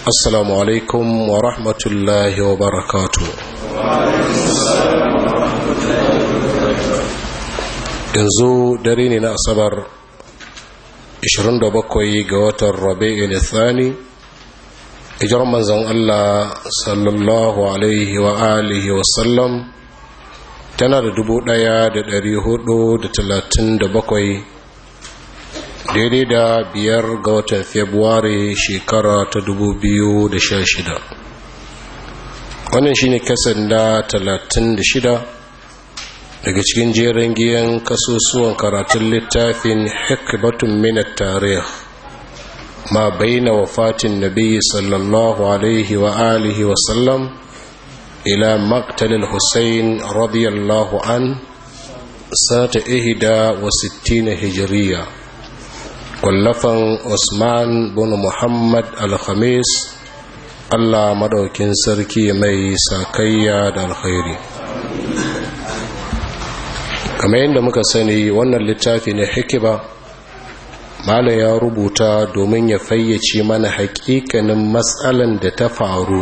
assalamu alaikum wa rahmatullahi wa barakatu yanzu dare ne na asabar 27 ga watan rabi'in thani ijar manzan Allah sallallahu alaihi wa alihi wa sallam tana da 1437 daidai da biyar ga watan februari shekara ta 2016 wannan shine kasan da 36 daga cikin jerin giyan kasusuwan karatun littafin hikmatun minat tarih ma baina wafatin nabi sallallahu alaihi wa alihi wa sallam ila maktalin hussein radiyallahu an sata ihda wa 60 hijiriya kwallafan usman bin muhammad alhamis allah madaukin sarki mai sakayya da alkhairi kamar yadda muka sani wannan littafi ne hikiba malam ya rubuta domin ya fayyace mana hakikanin matsalan da ta faru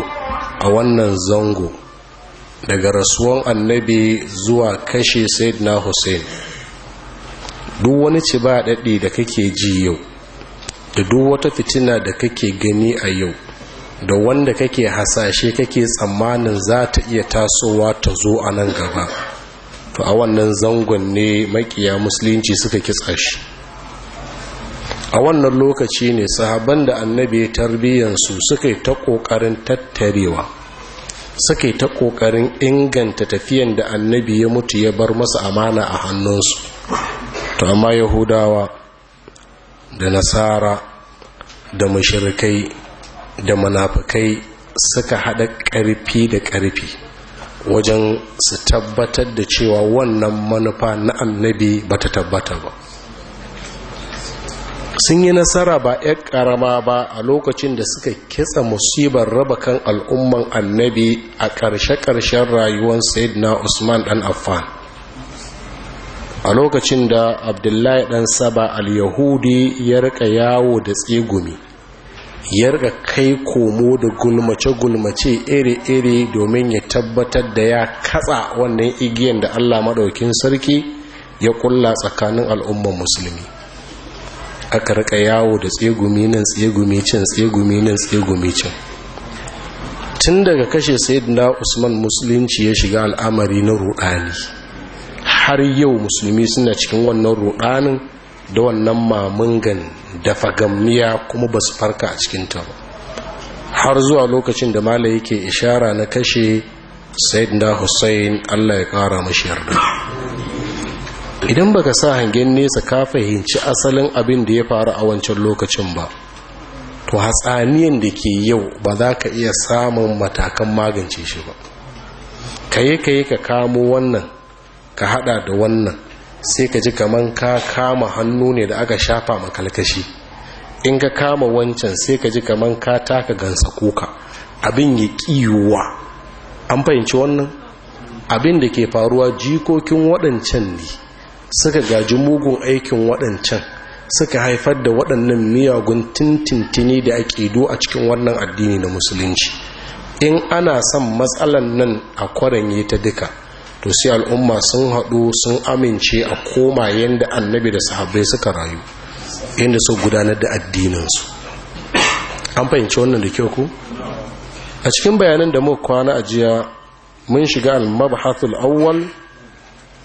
a wannan zango daga rasuwan annabi zuwa kashe sayyidina hussein duk wani ci ba daɗe da kake ji yau da duk wata fitina da kake gani a yau da wanda kake hasashe kake tsammanin za ta iya tasowa ta zo a nan gaba to a wannan zangon ne makiya musulunci suka kitsa shi a wannan lokaci ne sahaban da annabi tarbiyyansu suka yi ta ƙoƙarin tattarewa suka yi ta ƙoƙarin inganta tafiyan da annabi ya mutu ya bar masa amana a hannunsu to amma yahudawa da nasara da mashirkai da manafikai suka haɗa ƙarfi da ƙarfi wajen su tabbatar da cewa wannan manufa na annabi ba ta tabbata ba sun yi nasara ba ya ƙarama ba a lokacin da suka kitsa musibar raba kan al'umman annabi a ƙarshe-ƙarshen rayuwar na usman dan affan a lokacin da abdullahi dan saba al-yahudi ya rika yawo da tsegumi ya rika kai komo da gulmace-gulmace iri-iri domin ya tabbatar da ya katsa wannan igiyan da allah maɗaukin sarki ya kulla tsakanin al'umman musulmi aka rika yawo da tsegumi nan tsegumi can tsegumi nan tsegumi can tun daga kashe da usman musulunci ya shiga al'amari na ruɗani har yau musulmi suna cikin wannan rudanin da wannan mamungan da fagamniya kuma ba su farka a cikin ta ba har zuwa lokacin da mala yake ishara na kashe da hussein allah ya kara mashi yarda idan baka sa hangen nesa ka fahimci asalin abin da ya faru a wancan lokacin ba to hatsaniyan da ke yau ba za ka iya samun matakan magance shi ba kaye kaye ka kamo wannan ka hada da wannan sai ka ji kaman ka kama hannu ne da aka shafa makalkashi in ka kama wancan sai ka ji kaman ka taka gansa kuka abin ya kiyuwa an fahimci wannan abin da ke faruwa jikokin waɗancan ne suka gaji mugun aikin waɗancan suka haifar da waɗannan miyagun tintintini da ake do a cikin wannan addini na musulunci in ana son matsalan nan a kwaranye ta duka to sai al'umma sun haɗu sun amince a koma yadda annabi da sahabbai suka rayu yadda su gudanar da addininsu an fahimci wannan da kyau ku a cikin bayanan da muka kwana ajiya mun shiga al-mabhathul awwal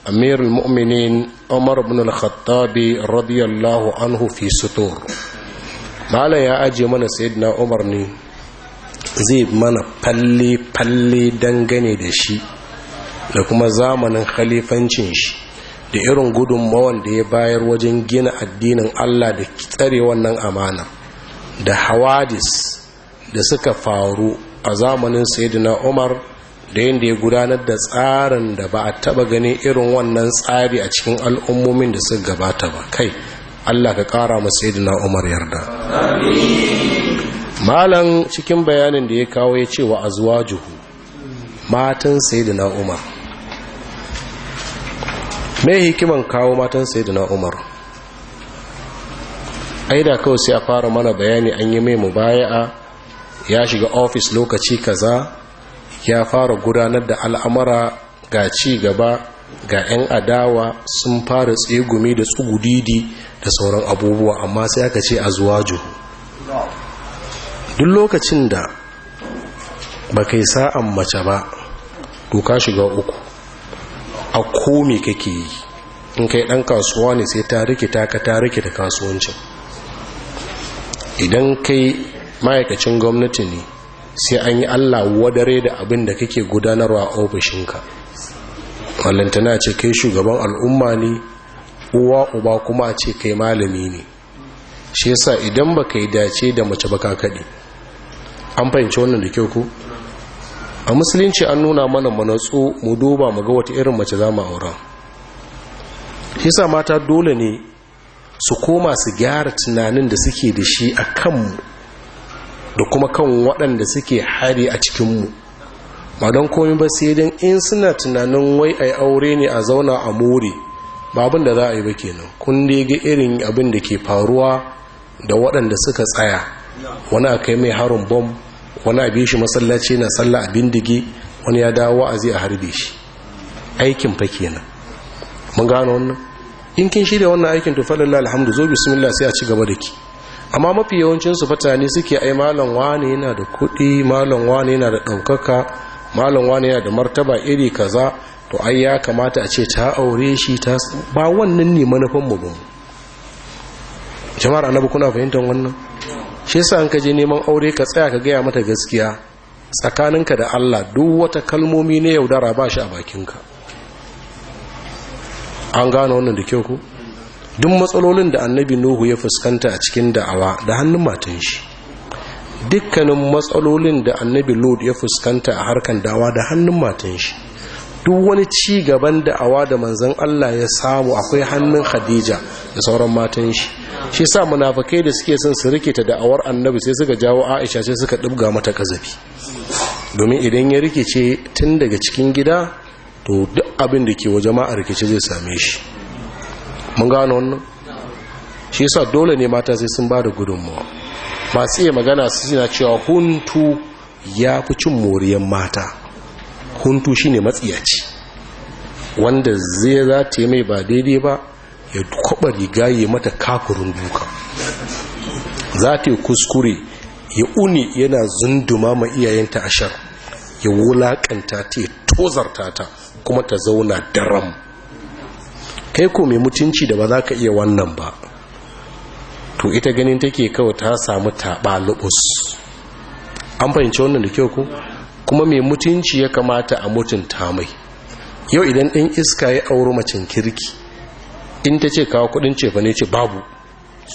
amirul mu'minin umar ibn al-khattab radiyallahu anhu fi sutur malam ya aje mana sayyidina umar ne zai mana falle falle dangane da shi da kuma zamanin khalifancin shi da irin gudunmawan da ya bayar wajen gina addinin Allah da tsare wannan amana da hawadis da suka faru a zamanin sayyidina Umar da yanda ya gudanar da tsarin da ba a taba gani irin wannan tsari a cikin al'ummomin da suka gabata ba kai Allah ka kara mu sayyidina Umar yarda malam cikin bayanin da ya kawo ya ce wa juhu matan sayyidina Umar mai hikiman kawo matan sai na umar da kawai sai a fara mana bayani an yi mai mubaya ya shiga ofis lokaci kaza ya fara gudanar da al'amara ga ci gaba ga 'yan adawa sun fara tsegumi da tsugudidi da sauran abubuwa amma sai aka ce a zuwa juhu duk lokacin da ba kai sa'an mace ba duka shiga uku a komi kake yi in kai dan kasuwa ne sai ta rikita ka ta rikita kasuwancin idan kai ma'aikacin gwamnati ne sai an yi allah wadare da abin da kake gudanarwa a ofishinka walantana ce kai shugaban al'umma ne uwa uba kuma ce kai malami ne shi yasa idan ba ka yi dace da mace ba kaɗi an fahimci wannan da kyau ku a musulunci an nuna mana manatsu mu duba mu ga wata irin mace za mu aura yasa mata dole ne su koma su gyara tunanin da suke da shi a kanmu da kuma kan waɗanda suke hari a cikinmu ba don komi ba sai don in suna tunanin wai a aure ne a zauna a more ba abin za a yi ba kenan kun ya ga irin abinda ke faruwa da waɗanda suka tsaya wani a kai mai harin bom wani abin shi masallaci na sallah a bindigi wani ya dawo wa'azi a harbe shi aikin fa kenan mun gano wannan in kin shirya wannan aikin to falalla alhamdu zo bismillah sai a ci gaba da ki amma mafi yawancin su fatane suke ai malam wane yana da kuɗi malam wani yana da ɗaukaka malam wani yana da martaba iri kaza to ai ya kamata a ce ta aure shi ta ba wannan ne manufan mu ba jama'ar annabi kuna fahimtar wannan shi yasa an ka je neman aure ka tsaya ka gaya mata gaskiya tsakaninka da Allah duk wata kalmomi ne yaudara ba shi a bakinka an gano wannan da kyau ku duk matsalolin da annabi nuhu ya fuskanta a cikin da'awa da hannun matan shi dukkanin matsalolin da annabi lod ya fuskanta a harkan dawa da hannun matan shi duk wani ci gaban da'awa da manzon Allah ya samu akwai hannun Khadija da sauran matan shi shi sa munafakai da suke son su rikita da'awar annabi sai suka jawo aisha sai suka ɗibga mata kazafi domin idan ya rikice tun daga cikin gida to duk abin da ke waje jama'a rikice zai same shi mun gano wannan shi sa dole ne mata sai sun ba da gudunmawa masu iya magana su suna cewa huntu ya fi cin moriyar mata huntu shine matsiyaci wanda zai za ta yi mai ba daidai ba ya kwaba riga ya mata kafurin duka za ta yi kuskure ya uni yana zunduma ma iyayenta ashar ya wulaƙanta ta ya tozarta ta kuma ta zauna daram kai ko mai mutunci da ba za ka iya wannan ba to ita ganin take kawai ta samu taɓa lubus an fahimci wannan da kyau ko kuma mai mutunci ya kamata a mutunta mai yau idan ɗan iska ya auri macin kirki in ta ce kawo kudin cefa ne ce babu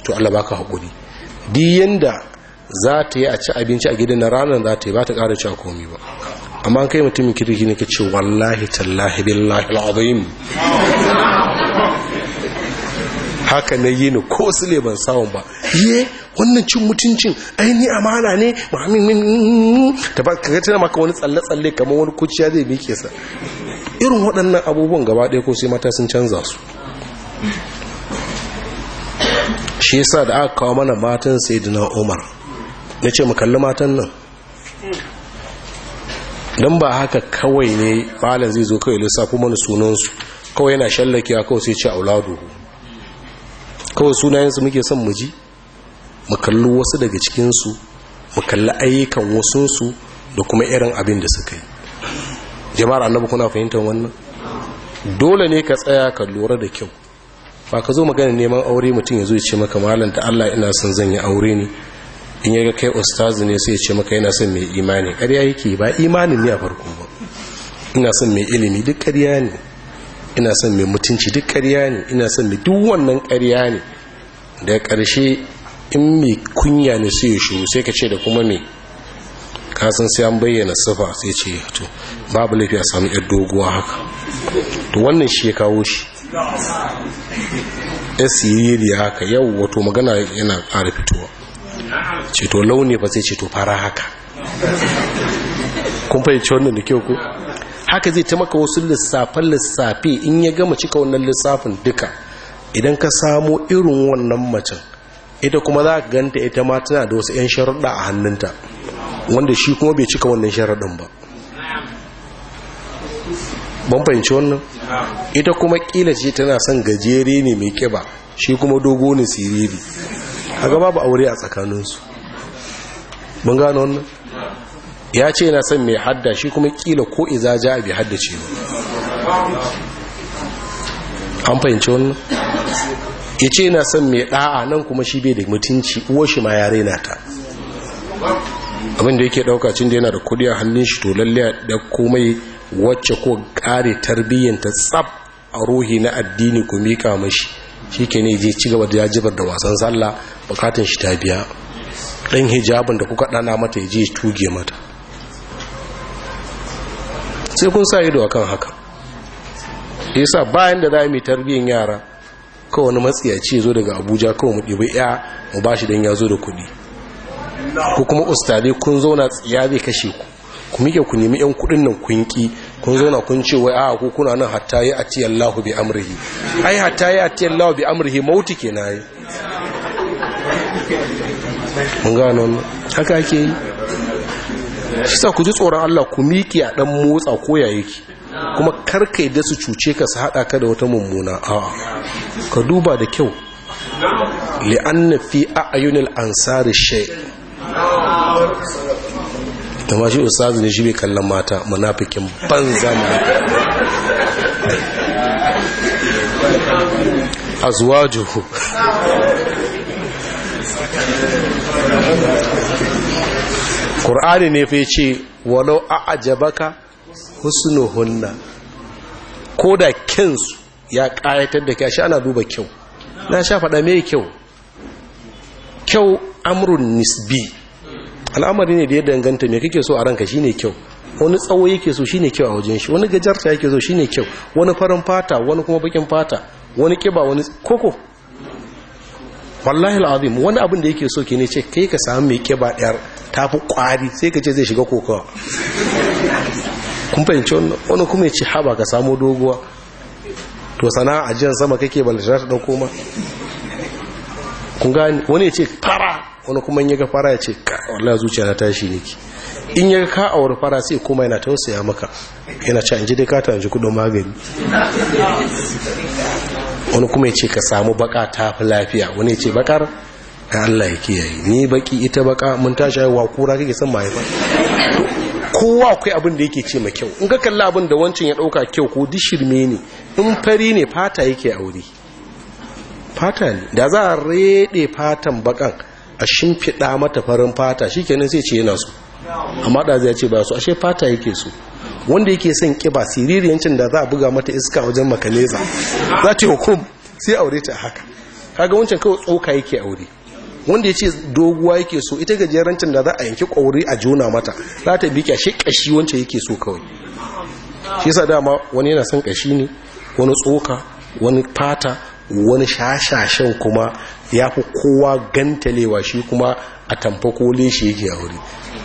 to Allah baka haƙuri di yanda za ta yi a ci abinci a gidan na ranar za ta yi ba ta ƙara cewa komi ba amma kai mutumin kirki ne ka ce wallahi tallahi billahi al'azim haka na yi ni ko ne ban samun ba ye wannan cin mutuncin aini amana ne muhammin mm, mm, mm. ta ba ka tana maka wani tsalle-tsalle kamar wani kuciya zai mike sa irin waɗannan abubuwan gaba ɗaya ko sai mata sun canza su shi yasa da aka kawo mana matan sayyidina umar na ce mu kalli matan nan don ba haka kawai ne malam zai zo kawai lissafo mana sunansu kawai yana shallakewa kawai sai ce auladu kawai sunayensu muke son mu ji mu kalli wasu daga cikinsu mu kalli ayyukan wasunsu da kuma irin abin da suka yi jama'ar annabi kuna fahimtar wannan dole ne ka tsaya ka lura da kyau ba ka zo magana neman aure mutum ya zo ya ce maka malam da Allah ina son zan yi aure ne in ya ga kai ustazi ne sai ya ce maka yana son mai imani ƙarya yake ba imanin ne a farko ba ina son mai ilimi duk ƙarya ne ina son mai mutunci duk ƙarya ne ina son mai duk wannan karya ne daga karshe in mai kunya ne sai ya shuru sai ka ce da kuma mai kasan sai an bayyana sifa sai ce to babu laifi a samu yar doguwa haka to wannan shi ya kawo shi ya siriri haka yau wato magana yana ƙara fitowa ceto launi ba zai ceto fara haka kun fahimci wannan da kyau ku haka zai taimaka wasu lissafin lissafi in ya gama cika wannan lissafin duka idan ka samo irin wannan macin ita kuma za ka ganta ita ma tana da wasu 'yan sharaɗa a hannunta wanda shi kuma bai cika wannan sharaɗin ba ban fahimci wannan ita kuma kila ce tana son gajere ne mai kiba shi kuma dogo ne siriri a gaba ba aure a tsakaninsu mun gano wannan ya ce yana son mai hadda shi kuma kila ko iza ja bi hadda ce an fahimci wannan ya ce yana son mai da'a nan kuma shi bai da mutunci uwa shi ma yare na ta abinda yake dauka cin da yana da kudi a hannun shi to lalle da komai wacce ko kare tarbiyyanta tsab a ruhi na addini ku mika mashi shi ke ne je cigaba da yajibar da wasan sallah bukatun shi ta biya ɗan hijabin da kuka ɗana mata ya je tuge mata sai kun sa ido a kan haka sa bayan da za mu tarbiyyar yara kawai wani matsiyaci ya zo daga abuja kawai mu ɗibi ya mu ba shi don ya zo da kuɗi ko kuma ustade kun zauna tsiya zai kashe ku ku mike ku nemi yan kudin nan ki kun na kun ce wai a ku kuna nan hatta yi ati Allah bi amrihi ai hatta yi ati Allah bi amrihi mauti kenan yi. mun ga nan haka ke yi sa ku ji tsoron Allah ku mike a dan motsa ko ya yake kuma karkai da su cuce ka su hada ka da wata mummuna a ka duba da kyau li'anna fi a'yunil ansari shay da ma shi ustazu ne shi bai kallon mata munafikin banza juhu. Qur'ani ne fa yace walau a'jabaka hunna ko da kinsu ya ƙayatar da kyashi ana duba kyau na sha faɗa mai kyau kyau amurin nisbi al'amari ne da ya danganta me kake so a ranka shine kyau wani tsawo yake so shine kyau a wajen shi wani gajarta yake so shine kyau wani farin fata wani kuma bakin fata wani kiba wani koko wallahi alazim wani abin da yake so ke ne ce kai ka samu mai kiba ɗayar tafi kwari sai ka ce zai shiga kokawa kun fahimci wani kuma ya ce haba ka samu doguwa to sana'a ajiyar sama kake balashar ta ɗauko ma kun gani wani ya ce fara wani kuma in yaga fara ya ce ka zuciya na tashi ne ki in yaga ka aure fara sai kuma yana tausaya maka yana ce an ji dai ka ta ji kudin magani wani kuma ya ce ka samu baka ta fi lafiya wani ya ce bakar ya Allah ya kiyaye ni baki ita baka mun tashi haihuwa kura kake son mahaifa kowa akwai abin da yake ce ma kyau in ka kalla abin da wancan ya dauka kyau ko dishirme ne in fari ne fata yake aure fata ne da za a rede fatan bakan a shimfiɗa mata farin fata shi kenan sai ce yana so amma da zai ce ba su ashe fata yake so wanda yake son kiba siririyancin da za a buga mata iska wajen makaneza za ta hukum sai aure ta haka kaga wancan kawai tsauka yake aure wanda ya ce doguwa yake so ita gajerancin da za a yanki kwauri a juna mata za ta bi kyashe ƙashi wancan yake so kawai shi sa dama wani yana son kashi ne wani tsoka wani fata wani shashashen kuma ya fi kowa gantalewa shi kuma a tamfa kole shi yake a wuri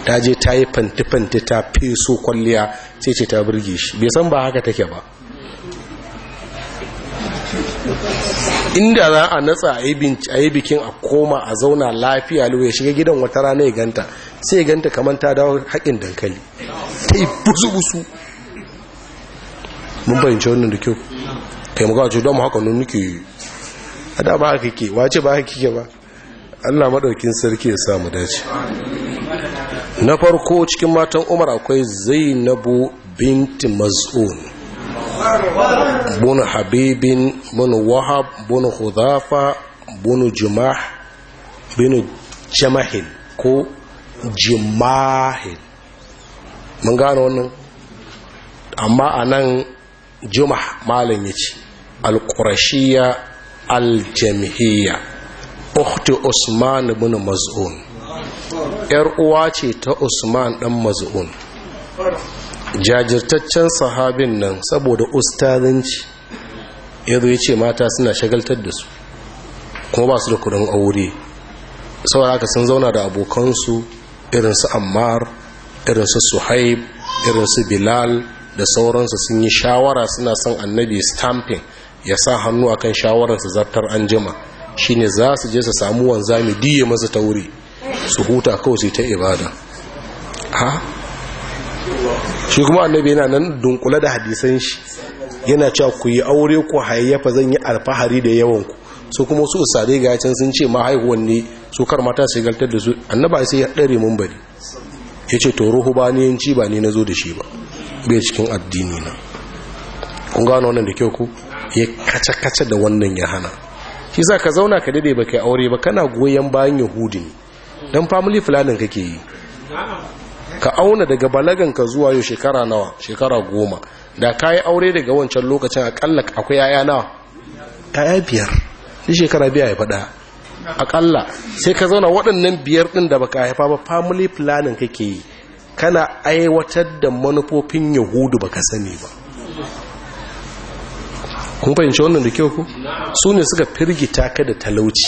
ta je ta yi fanti-fanti ta feso kwalliya sai ce ta birge shi bai san ba haka take ba inda za a natsa a yi bikin a koma a zauna lafiya ya shiga gidan wata rana ya ganta sai ya ganta kamar ta dawo haƙin dankali ta yi busu-busu mun bayanci wannan da kyau kai ce don haka nun nuke a da ba haka ke wace ba haka ke ba allah maɗaukin sarki ya samu dace na farko cikin matan umar akwai zainabu binti maz'un bunu habibin bunu wahab bunu hudafa bunu Jumah, bunu jamahin ko jimahin mun gano wannan amma a nan jimah malam ya ce alƙurashiya aljamhiya ukhti usman ibn maz'un yar uwa ce ta usman dan maz'un jajirtaccen sahabin nan saboda ustazanci ya ya ce mata suna shagaltar da su kuma ba su da kudin aure saboda haka sun zauna da abokansu su ammar irin su suhaib irin su bilal da sauransu sun yi shawara suna son annabi stamping ya sa hannu akan shawarar su zartar an jima ne za su je su samu wanzami diya masa ta wuri su huta kawai su ta ibada ha shi kuma annabi yana nan dunkula da hadisan shi yana cewa ku yi aure ku hayayyafa zan yi alfahari da yawan ku su kuma su usare ga can sun ce ma haihuwan ne su kar mata su galtar da su annaba sai ya dare mun bari Ya ce to ruhu ba ni yanci ba ne zo da shi ba bai cikin addini na kun gano wannan da kyau ku ya kace-kace da wannan ya hana shi za ka zauna ka dade ba kai aure ba kana goyon bayan yahudi ne don family planning kake yi ka auna daga balagan ka zuwa yau shekara nawa shekara goma da ka yi aure daga wancan lokacin akalla akwai yaya nawa yaya biyar shi shekara biya ya faɗa akalla sai ka zauna waɗannan biyar ɗin da baka haifa ba family planning kake yi kana aiwatar da manufofin yahudu baka sani ba kun fahimci wannan da kyau ku su ne suka firgita ka da talauci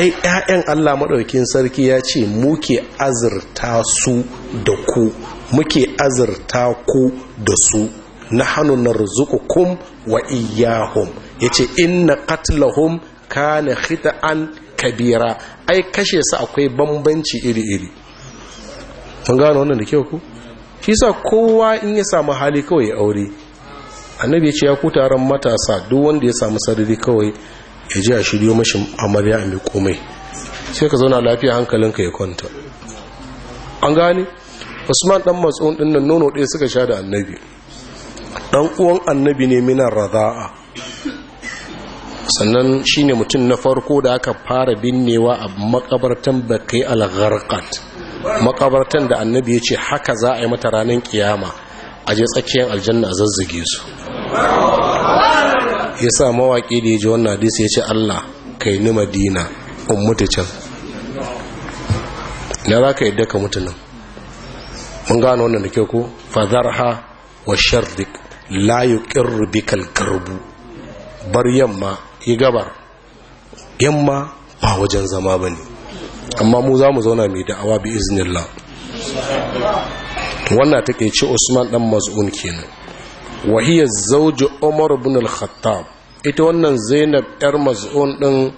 ai ƴaƴan Allah maɗaukin sarki ya ce muke azurta su da ku muke azurta ku da su na hannun narzuqukum wa iyyahum yace inna qatlahum kana an kabira ai kashe su akwai bambanci iri-iri Kun gano wannan da kyau ku shi sa kowa in ya samu hali kawai ya aure annabi ya ce ya kuta taron matasa duk wanda ya samu sarari kawai ya ji a shiryo mashi amarya a mai komai sai ka zauna lafiya hankalinka ya kwanta an gane usman dan matsun din nono ɗaya suka sha da annabi dan uwan annabi ne minan raza'a sannan shine mutum na farko da aka fara binnewa a makabartan bakai al-gharqat makabartan da annabi ya ce haka za a yi mata ranar kiyama a je tsakiyar aljanna a zazzage su yasa mawaƙi da ya ji wannan hadisi ya ce Allah kai ni madina in mutu can na za ka yadda ka mutu nan mun gano wannan da ke ku fazarha wa shardik la yuqirru karbu bar yamma yi gabar yamma ba wajen zama ba ne amma mu za mu zauna mai da'awa bi iznillah wannan take ce Usman dan Maz'un kenan wahiyar zauji umar bin الخطاب ita wannan zainab yar maz'un din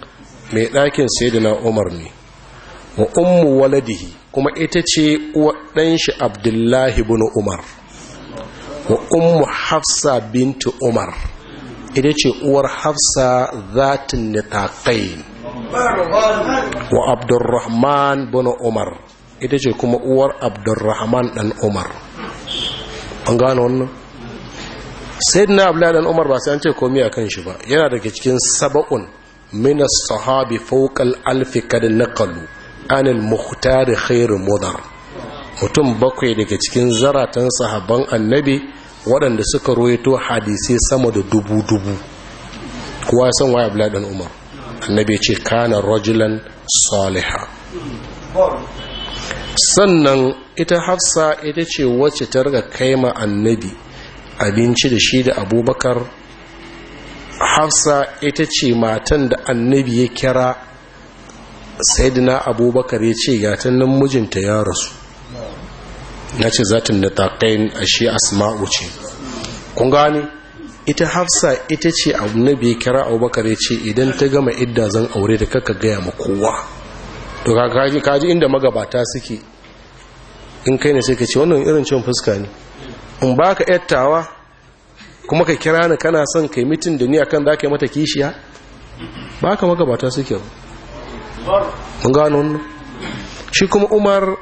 mai ɗakin sayyidina umar ne wa ummu waladihi kuma ita ce ɗan shi abdullahi bin umar wa ummu hafsa bintu umar ita ce uwar hafsa zatin nitaƙai wa abdurrahman bin umar ita ce kuma uwar abdurrahman ɗan umar an gano wannan na abu dan umar ba sai an ce a kan shi ba yana daga cikin sab'un mina sahabi fokal alfikar alf kad naqalu an khairu mudar mutum bakwai daga cikin zaratan sahaban annabi waɗanda suka roito hadisi sama da dubu dubu kuwa san waye abu umar annabi ce kana rajulan saliha sannan ita hafsa ita ce wacce ta riga kaima annabi abinci da shi da abubakar hafsa ita ce matan da annabi ya kira saidina abubakar ya ce gatan nan mijinta ya rasu na ce zatin da taƙayin a shi asma'u ce kun gani ita hafsa ita ce annabi ya kira abubakar ya ce idan ta gama idda zan aure da kaka gaya ma kowa to kaji inda magabata suke in kai ne sai ka ce wannan irin cin fuska ne in ba ka yattawa kuma ka kira ni kana son kai mitin da ni akan za ka mata kishiya ba ka magabata suke mun gano wannan shi kuma umar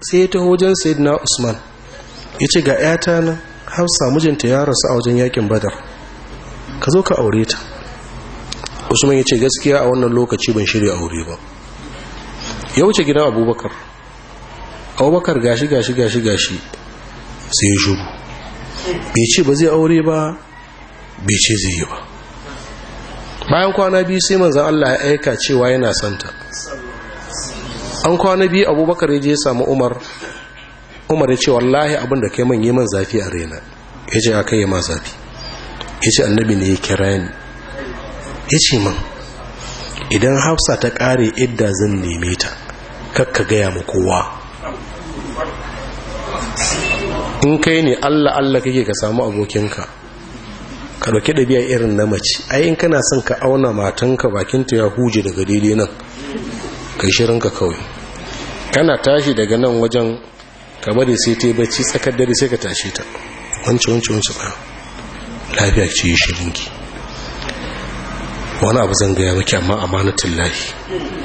sai ya taho wajen sayyidina usman ya ce ga 'yata na hausa mijinta ya rasu a wajen yakin badar ka zo ka aure ta usman ya ce gaskiya a wannan lokaci ban shirya aure ba ya wuce gidan abubakar abubakar gashi gashi gashi gashi sai ya shugu bai ce ba zai aure ba bai ce zai yi ba bayan kwana biyu sai manzan Allah ya aika cewa yana santa an kwana biyu abubakar ya je ya samu umar umar ya ce wallahi abinda kai man yi man zafi a rena ya ce aka yi ma zafi ya ce annabi ne ya kira ni ya ce man idan hafsa ta kare idda zan neme ta kakka gaya mu kowa in kai ne allah allah kake ka samu abokinka ka ɗauki ɗabi'a irin na mace ai in kana son ka auna matanka bakinta ya huje daga daidai nan kai shirinka kawai kana tashi daga nan wajen kamar da sai ta yi bacci tsakar dare sai ka tashi ta wance wance wance ba lafiya ce yi shirinki wani abu zan gaya maki amma amanatullahi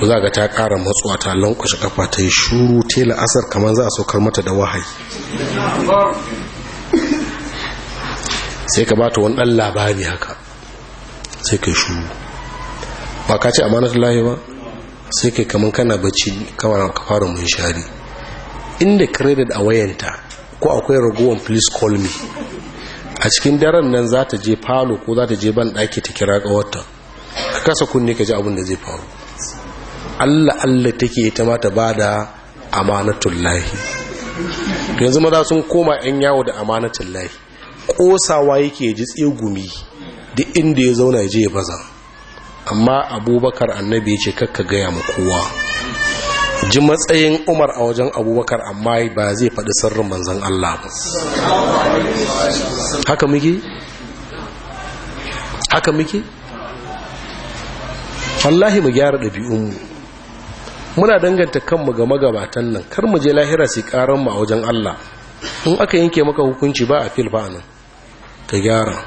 to za ga ta kara matsuwa ta lankwashe kafa ta yi shuru tela asar kamar za a saukar mata da wahayi sai ka bata wani ɗan labari haka sai ka shuru ba ka ce amanatu lahi ba sai kai kamar kana bacci kamar ka fara mun shari inda credit a wayanta ko akwai ragowar please call me a cikin daren nan za ta je falo ko za ta je ban ɗaki ta kira ƙawarta ka kasa kunne ka ji abin da zai faru allah allah take ta ma ta ba da lahi, yanzu maza sun koma 'yan yawo da lahi, kosawa yake ji tsegumi duk inda ya zauna je baza amma abubakar annabi ce kakka gaya mu kowa ji matsayin umar a wajen abubakar amma ba zai faɗi sirrin manzan Allah ba haka muke? haka muke? wallahi mu gyara ɗabi'unmu muna danganta kanmu ga magabatan nan kar mu je lahira su karan mu a wajen Allah in aka yanke maka hukunci ba a fil ba nan ka gyara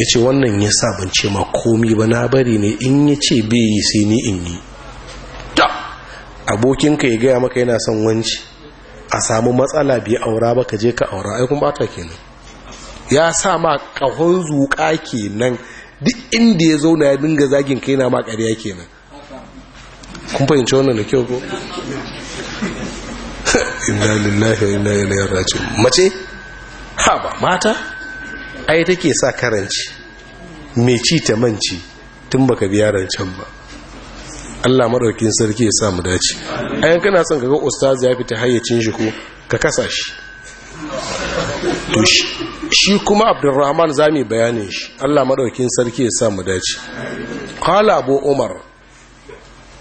yace wannan ya sa ban ce ma komi ba na bari ne in ya ce bai yi sai ni in yi ta abokinka ya gaya maka yana son wanci a samu matsala bai aura ba ka je ka aura ai kun bata kenan ya sa ma kahon zuƙa kenan duk inda ya zauna ya dinga zagin kai na ma ƙarya kenan kun fahimci wannan da kyau ko inna lillahi wa inna ilaihi raji'un mace ha ba mata ai take sa karanci me ci ta manci tun baka biya rancen ba Allah madaukakin sarki ya sa mu dace ai kana son kaga ustaz ya fita hayyacin shi ko ka kasa shi shi kuma abdurrahman zami bayanin shi Allah madaukakin sarki ya sa mu dace qala abu umar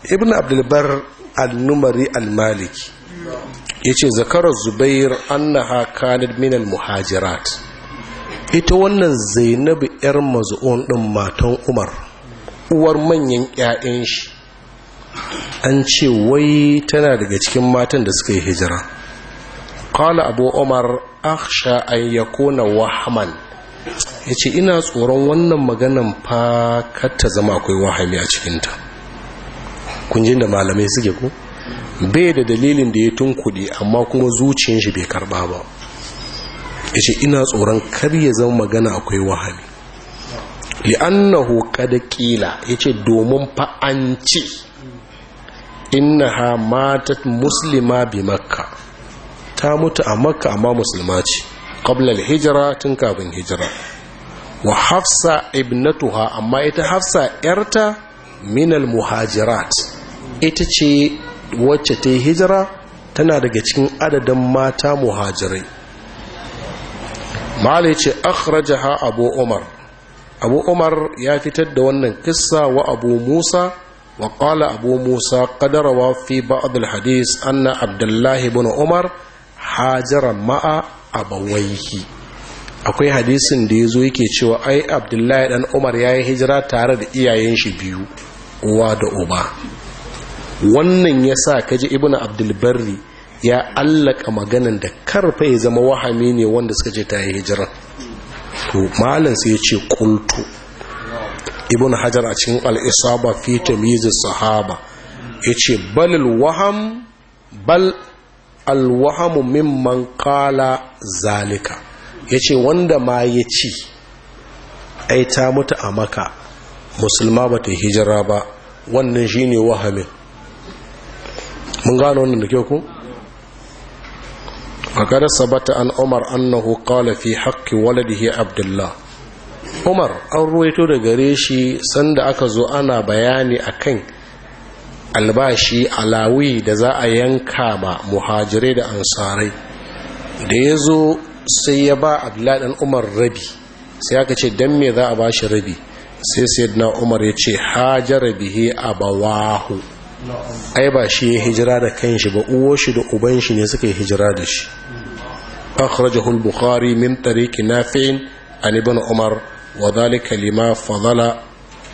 ibn abdulbar al-numari al-maliki ya ce zakarar zubair annaha kanad minal muhajirat ita wannan zainabu 'yar mazu'un ɗin matan umar uwar manyan 'ya'yan shi an ce wai tana daga cikin matan da suka yi hijira kala abu umar aksha an ya kona wahaman ya ce ina tsoron wannan maganan fa ta zama akwai wahami a cikinta kun da malamai suke ku bai da dalilin da ya tunkuɗe amma kuma zuciyar shi bai karɓa ba ya ce ina tsoron kar ya zama magana akwai wahami li'annahu kada ƙila ya ce domin fa'anci innaha mata musulma bi makka ta mutu a makka amma musulma ce qabla hijira tun kafin hijira wa hafsa ibnatuha amma ita hafsa yarta minal muhajirat ita ce wacce ta yi hijira tana daga cikin adadin mata muhajirai malai ce ha abu umar abu umar ya fitar da wannan kissa wa abu musa wa qala abu musa qadarawa fi ba'adul hadis anna abdullahi bin umar hajara ma'a abawaihi akwai hadisin da ya zo yake cewa ai abdullahi dan umar ya yi hijira tare da iyayen shi biyu uwa da uba wannan ya sa ka ji ibina abdulbarri ya allaka maganan da karfa ya zama wahami ne wanda suka ce ta yi hijira to malam sai ya ce kultu ibina hajar a cikin al'isaba fi tamizin sahaba ya ce bal alwahamu mimman kala zalika ya ce wanda ma ya ci ai ta mutu a maka musulma ba ta hijira ba wannan shi ne wahamin mun gano wannan da ke ku فقد ثبت an Umar umar annahu في حق ولده عبد abdullah Umar an ruwaito da gare shi sanda aka zo ana bayani a kan albashi alawi da za a yanka ma muhajirai da ansarai da ya zo sai ya ba abdullahi umar rabi sai aka ce dan me za a ba shi rabi sai sayyidina umar ya ce hajara a bawahu? ai ba shi ya hijira da kanshi ba uwo shi da uban shi ne suka yi hijira da shi akhrajahu al-bukhari min tariq nafi'in an ibn umar wa dhalika lima fadala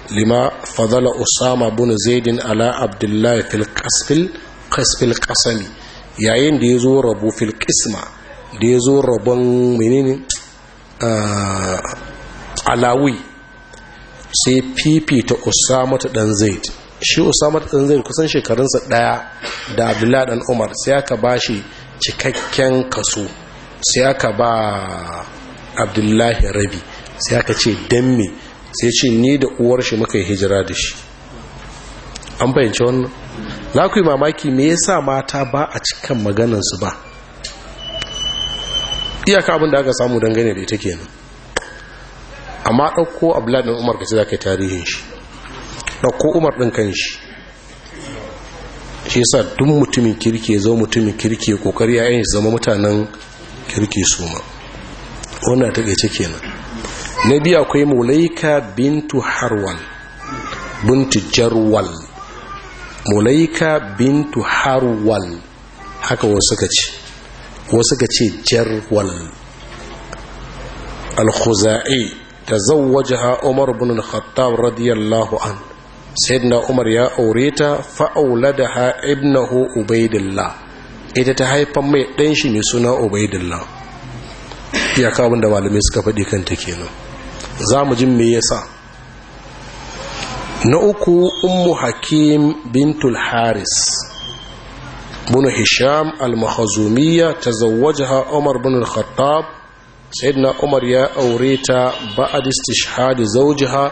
lima fadala usama bin zaid ala abdullah fil qasfil qasami yayin da yazo rabu fil qisma da yazo rabon menene ah, alawi sai fifita usama ta dan zaid shi usama ɗin zai kusan shekarunsa ɗaya da abdullahi ɗan umar sai aka ba shi cikakken kaso sai aka ba abdullahi rabi sai aka ce don me sai ce ni da uwar shi muka yi hijira da shi an bayanci wannan za ku mamaki me yasa mata ba a cikin maganansu ba iyaka abin da aka samu dangane da ita kenan amma ɗauko abdullahi ɗan umar ka ce za ka yi tarihin shi ɗauko umar ɗin kan shi shi sa duk mutumin kirki ya zama mutumin kirki ya kokari ya zama mutanen kirki su ma wannan ta kenan na biya akwai mulaika bintu harwal bintu jarwal mulaika bintu harwal haka wasu ka ce wasu ka ce jarwal al-khuzai tazawwajaha umar bin al-khattab radiyallahu anhu sayyidina umar ya aure ta da ha ibnahu ita ta haifan mai ɗan shi mai suna ubaidillah ya kawo da malamai suka faɗi kanta kenan za mu jin me yasa na uku ummu hakim bintul haris bunu hisham al-mahazumiyya tazawwajaha umar bin al-khattab sayyidina umar ya aure ta ba'ad istishhad zawjiha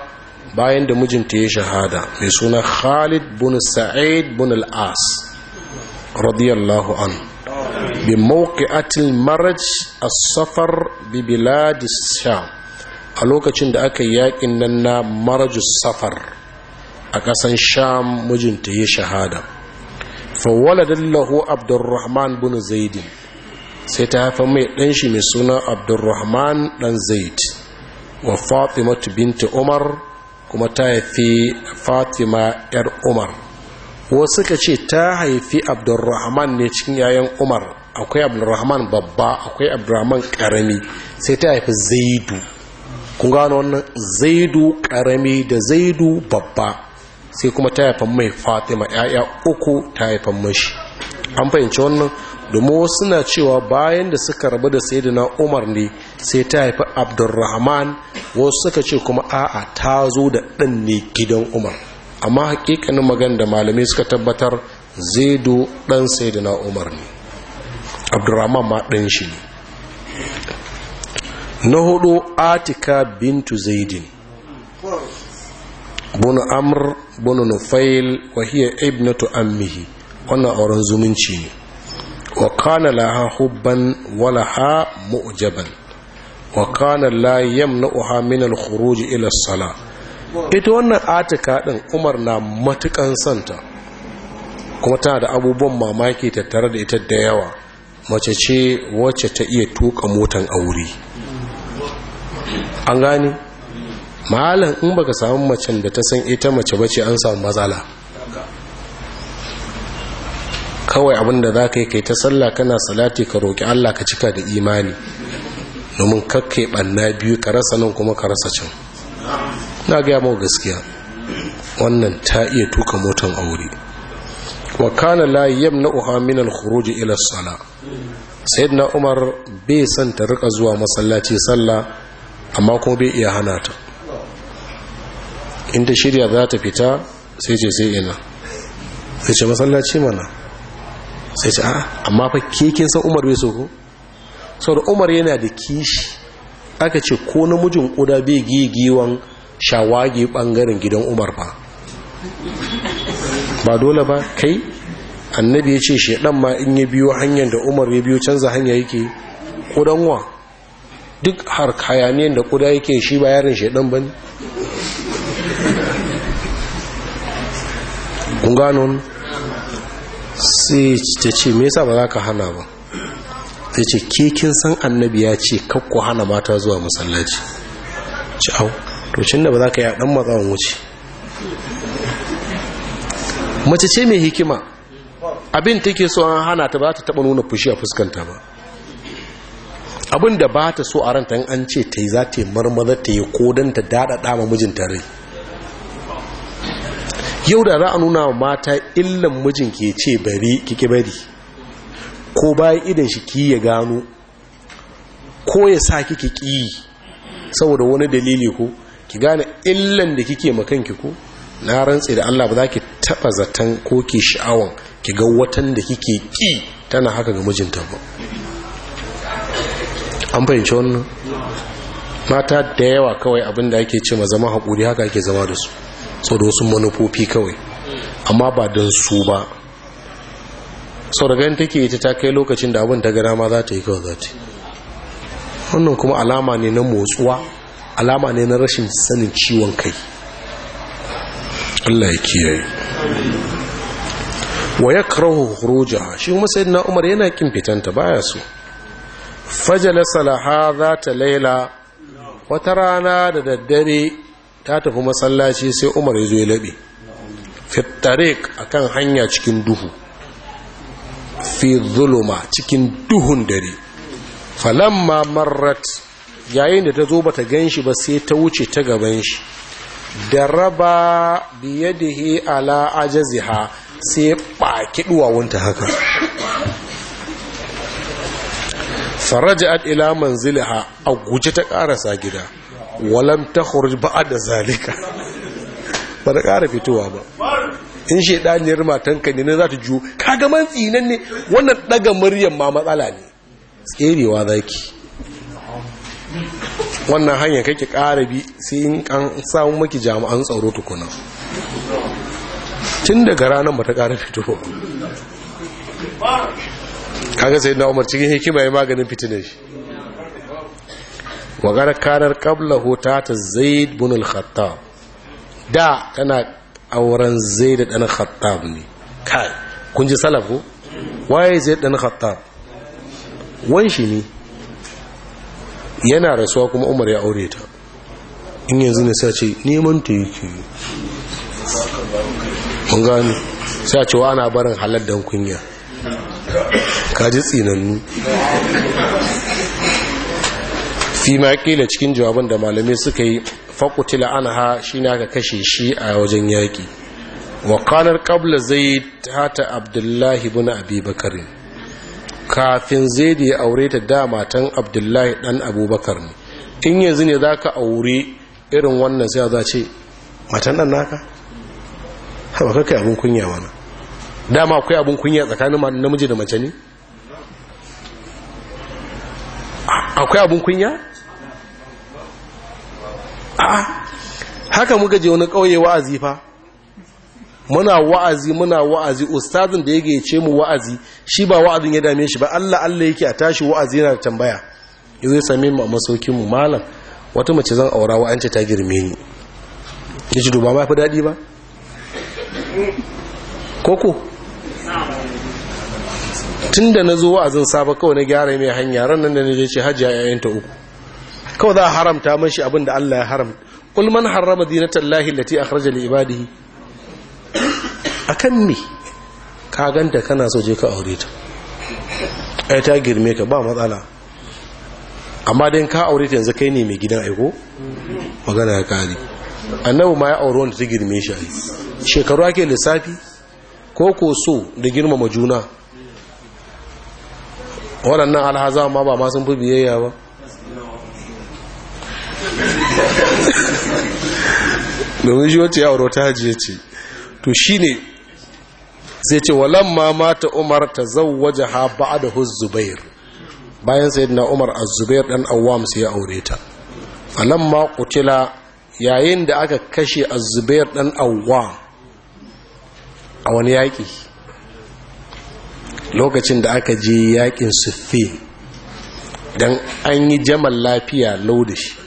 bayan da mijinta ya shahada mai suna khalid bin sa'id bin al'as radiyallahu an bi mawqi'atil maraj as-safar bi bilad sham a lokacin da aka yakin nan na maraj safar a kasan sham mijinta ya shahada fa waladan lahu abdurrahman bin zaid sai ta haifa mai ɗan shi mai suna abdurrahman dan zaid wa fatimatu binta umar kuma ta haifi fatima yar umar wasu ka ce ta haifi abdurrahman ne cikin yayan umar akwai abdurrahman babba akwai abdurrahman karami sai ta haifi zaidu kun gano wannan zaidu karami da zaidu babba sai kuma ta haifan mai fatima ya'ya uku ta haifan mashi an fahimci wannan domin wasu na cewa bayan da suka rabu da sayyidina umar ne sai ta haifi abdurrahman wasu suka ce kuma a'a ta zo da ɗan ne gidan umar amma hakikanin magana da malamai suka tabbatar zaido ɗan sayyidina umar ne abdurrahman ma ɗan shi ne na hudu atika bintu zaidin bunu amr bunu nufail wahiyar ibnatu ammihi wannan auren zumunci ne وقال لها حبا ولها مؤجبا laha mu'jaban يمنعها من الخروج الى الصلاه ita wannan atika din Umar na matukan santa kuma tana da abubuwan mamaki tattare da ita da yawa mace ce wacce ta iya tuka motan aure an gani malam in baka samu macen da ta san ita mace bace an samu mazala. kawai abinda za ka yi kai ta sallah kana salati ka roƙi allah ka cika da imani domin kakke ɓanna biyu ka rasa nan kuma ka rasa can na gaya mawa gaskiya wannan ta iya tuka motan aure wa kana la na uha min al ila sala sayyidina umar bai san ta rika zuwa masallaci sallah amma kuma bai iya hana ta inda shirya za ta fita sai ce sai ina sai ce masallaci mana sai ce a amma fa kekin san umar bai so ko sau da umar yana da kishi aka ce ko namijin kuda bai gigiwan shawage bangaren gidan umar ba ba dole ba kai annabi ya ce shaidan ma in ya biyo hanyar da umar ya biyo canza hanya yake kudanwa duk har kayaniyar da kuda yake shi ba yarin shaidan ba ne sai ta ce me yasa ba za ka hana ba ta ce ke kin san annabi ya ce kakko hana mata zuwa masallaci ci au to cin da ba za ka yi a ɗan matsawan wuce mace ce mai hikima abin take so an hana ta ba ta taɓa nuna fushi a fuskanta ba abin da ba ta so a ranta an ce ta yi za ta yi marmaza ta yi kodanta ta daɗaɗa ma mijinta rai yau da za a nuna wa mata illan mijin ke ce bari kike bari ko bayan idan shi ki ya gano ko ya sa kike ki saboda wani dalili ko ki gane illan da kike makanki ko na rantse da Allah ba za ki taba zaton ko ki sha'awan ki ga watan da kike ki tana haka ga mijinta ba an fahimci wannan mata da yawa kawai abinda ake ce ma zama haƙuri haka ake zama da su sau da wasu manufofi kawai amma ba don su ba sau da ganin take ita ta kai lokacin da abin ta gana ma za ta yi kawai za ta wannan kuma alama ne na motsuwa alama ne na rashin sanin ciwon kai Allah ya kiyaye wa ya karo roja shi kuma sai na umar yana kin fitanta baya so fajala salaha za ta laila wata rana da daddare ta tafi masallaci sai umar ya zo ya labe. fitarik a kan hanya cikin duhu fi zuluma cikin duhun dare falamma marrat yayin da ta zo ba ta gan shi ba sai ta wuce ta gaban shi da raba biyadihi ala ajaziha sai ɓaki duwawunta haka ad ila manziliha a guje ta ƙarasa gida walam ta khuruj da zalika ba da ƙara fitowa ba in shaidaniyar matanka ne na za ta juyo kaga man tsinan ne wannan daga muryan ma matsala ne tserewa zaki wannan hanya kake ƙara bi sai in an samu maki jami'an tsaro tukuna tun daga ranar ba ta ƙara fitowa kaga sai na umar cikin hikima ya maganin fitinar shi wa garkarar qablahu ta ta zaid bin al-khattab da tana auren zaid da dan khattab ne kai kun ji salafu waye zaid dan khattab wan shi ne yana rasuwa kuma umar ya aure ta in yanzu ne sai ce neman ta yake mun gani sai ce wa ana barin halar dan kunya Ka ji tsinannu fi ma kila cikin jawabin da malamai suka yi faƙutila ha shi ne aka kashe shi a wajen yaƙi wa ƙabla zai hata abdullahi bin abubakar kafin zai da ya aure ta da matan abdullahi ɗan abubakar ne in yanzu ne za ka aure irin wannan sai za ce matan nan naka haɓa kakai abin kunya mana dama akwai abin kunya tsakanin namiji da mace ne akwai abin kunya haka muka je wani ƙauye wa'azi fa muna wa'azi muna wa'azi ustazin da yake ce mu wa'azi shi ba wa'azin ya dame shi ba Allah Allah yake a tashi wa'azi yana tambaya yau ya same mu a masaukin mu malam wata mace zan aura wa ta girme ni yace duba ya fi dadi ba koko tunda nazo wa'azin saba, kawai na gyara mai hanya ran nan da je ce hajiya yayin ta uku kawai za a haramta mashi abin da Allah ya haram kul harama harrama zinatan a a akhraja li A kan me ka ganta kana so je ka aure ta ai ta girme ka ba matsala amma dai ka aure ta yanzu kai ne mai gidan aiko magana ya kare Annabu ma ya aure wanda ta girme shi ai shekaru ake lissafi ko ko so da girmama juna waɗannan alhaza ma ba ma sun fi biyayya ba domin shi wacce yawar wata ya ce to shi ne sai ce walan ma mata umar ta waje ha ba'a da zubair bayan sai na umar a zubair dan awam sai ya aure ta falan ma kutila yayin da aka kashe a zubair dan awam a wani yaƙi lokacin da aka je yaƙin siffin don an yi jamal lafiya lau da shi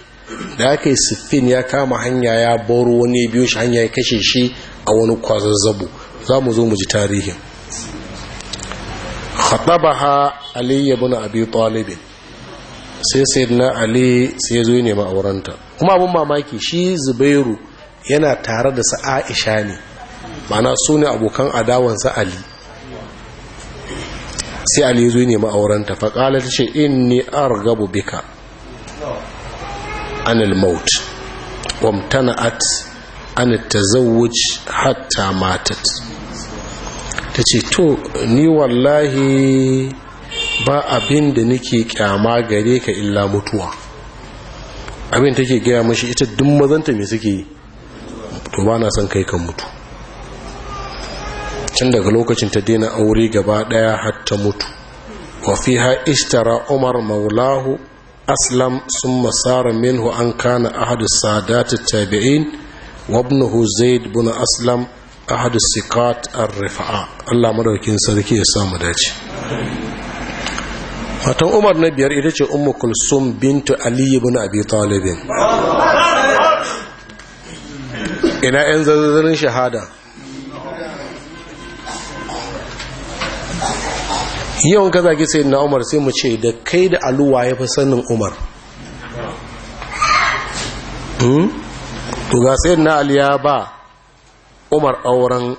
da aka yi siffin ya kama hanya ya boro wani biyu shi hanya ya kashe shi a wani kwazazzabo za mu zo mu ji tarihin khatabaha ali ibn abi talib sai sayyidina ali sai zo ne ma'auranta kuma abun mamaki shi zubairu yana tare da sa aisha ne mana su ne abokan adawansa ali sai ali zo ne ma'auranta ta ce inni argabu bika anil maut at an tazawwuj hatta matat ta ce to ni wallahi ba abin da nake kyama gare ka illa mutuwa abin take gaya mashi ita duk mazanta me suke yi to ba na son kai kan mutu can daga lokacin ta daina aure gaba daya hatta mutu wa fiha ishtara umar maulahu aslam sun masara minhu an kana ahadu sadatu tabi'in wa ibnuhu zaid bin aslam ahadu sikat ar-rifa'a Allah madaukin sarki ya samu dace matan umar na biyar ita ce ummu kulsum bintu ali ibn abi talib ina yan zazzarin shahada yawan ka zage sai na umar sai mu ce da kai da aluwa ya fi sanin umar hmm? to ga sai na aliya ba umar auren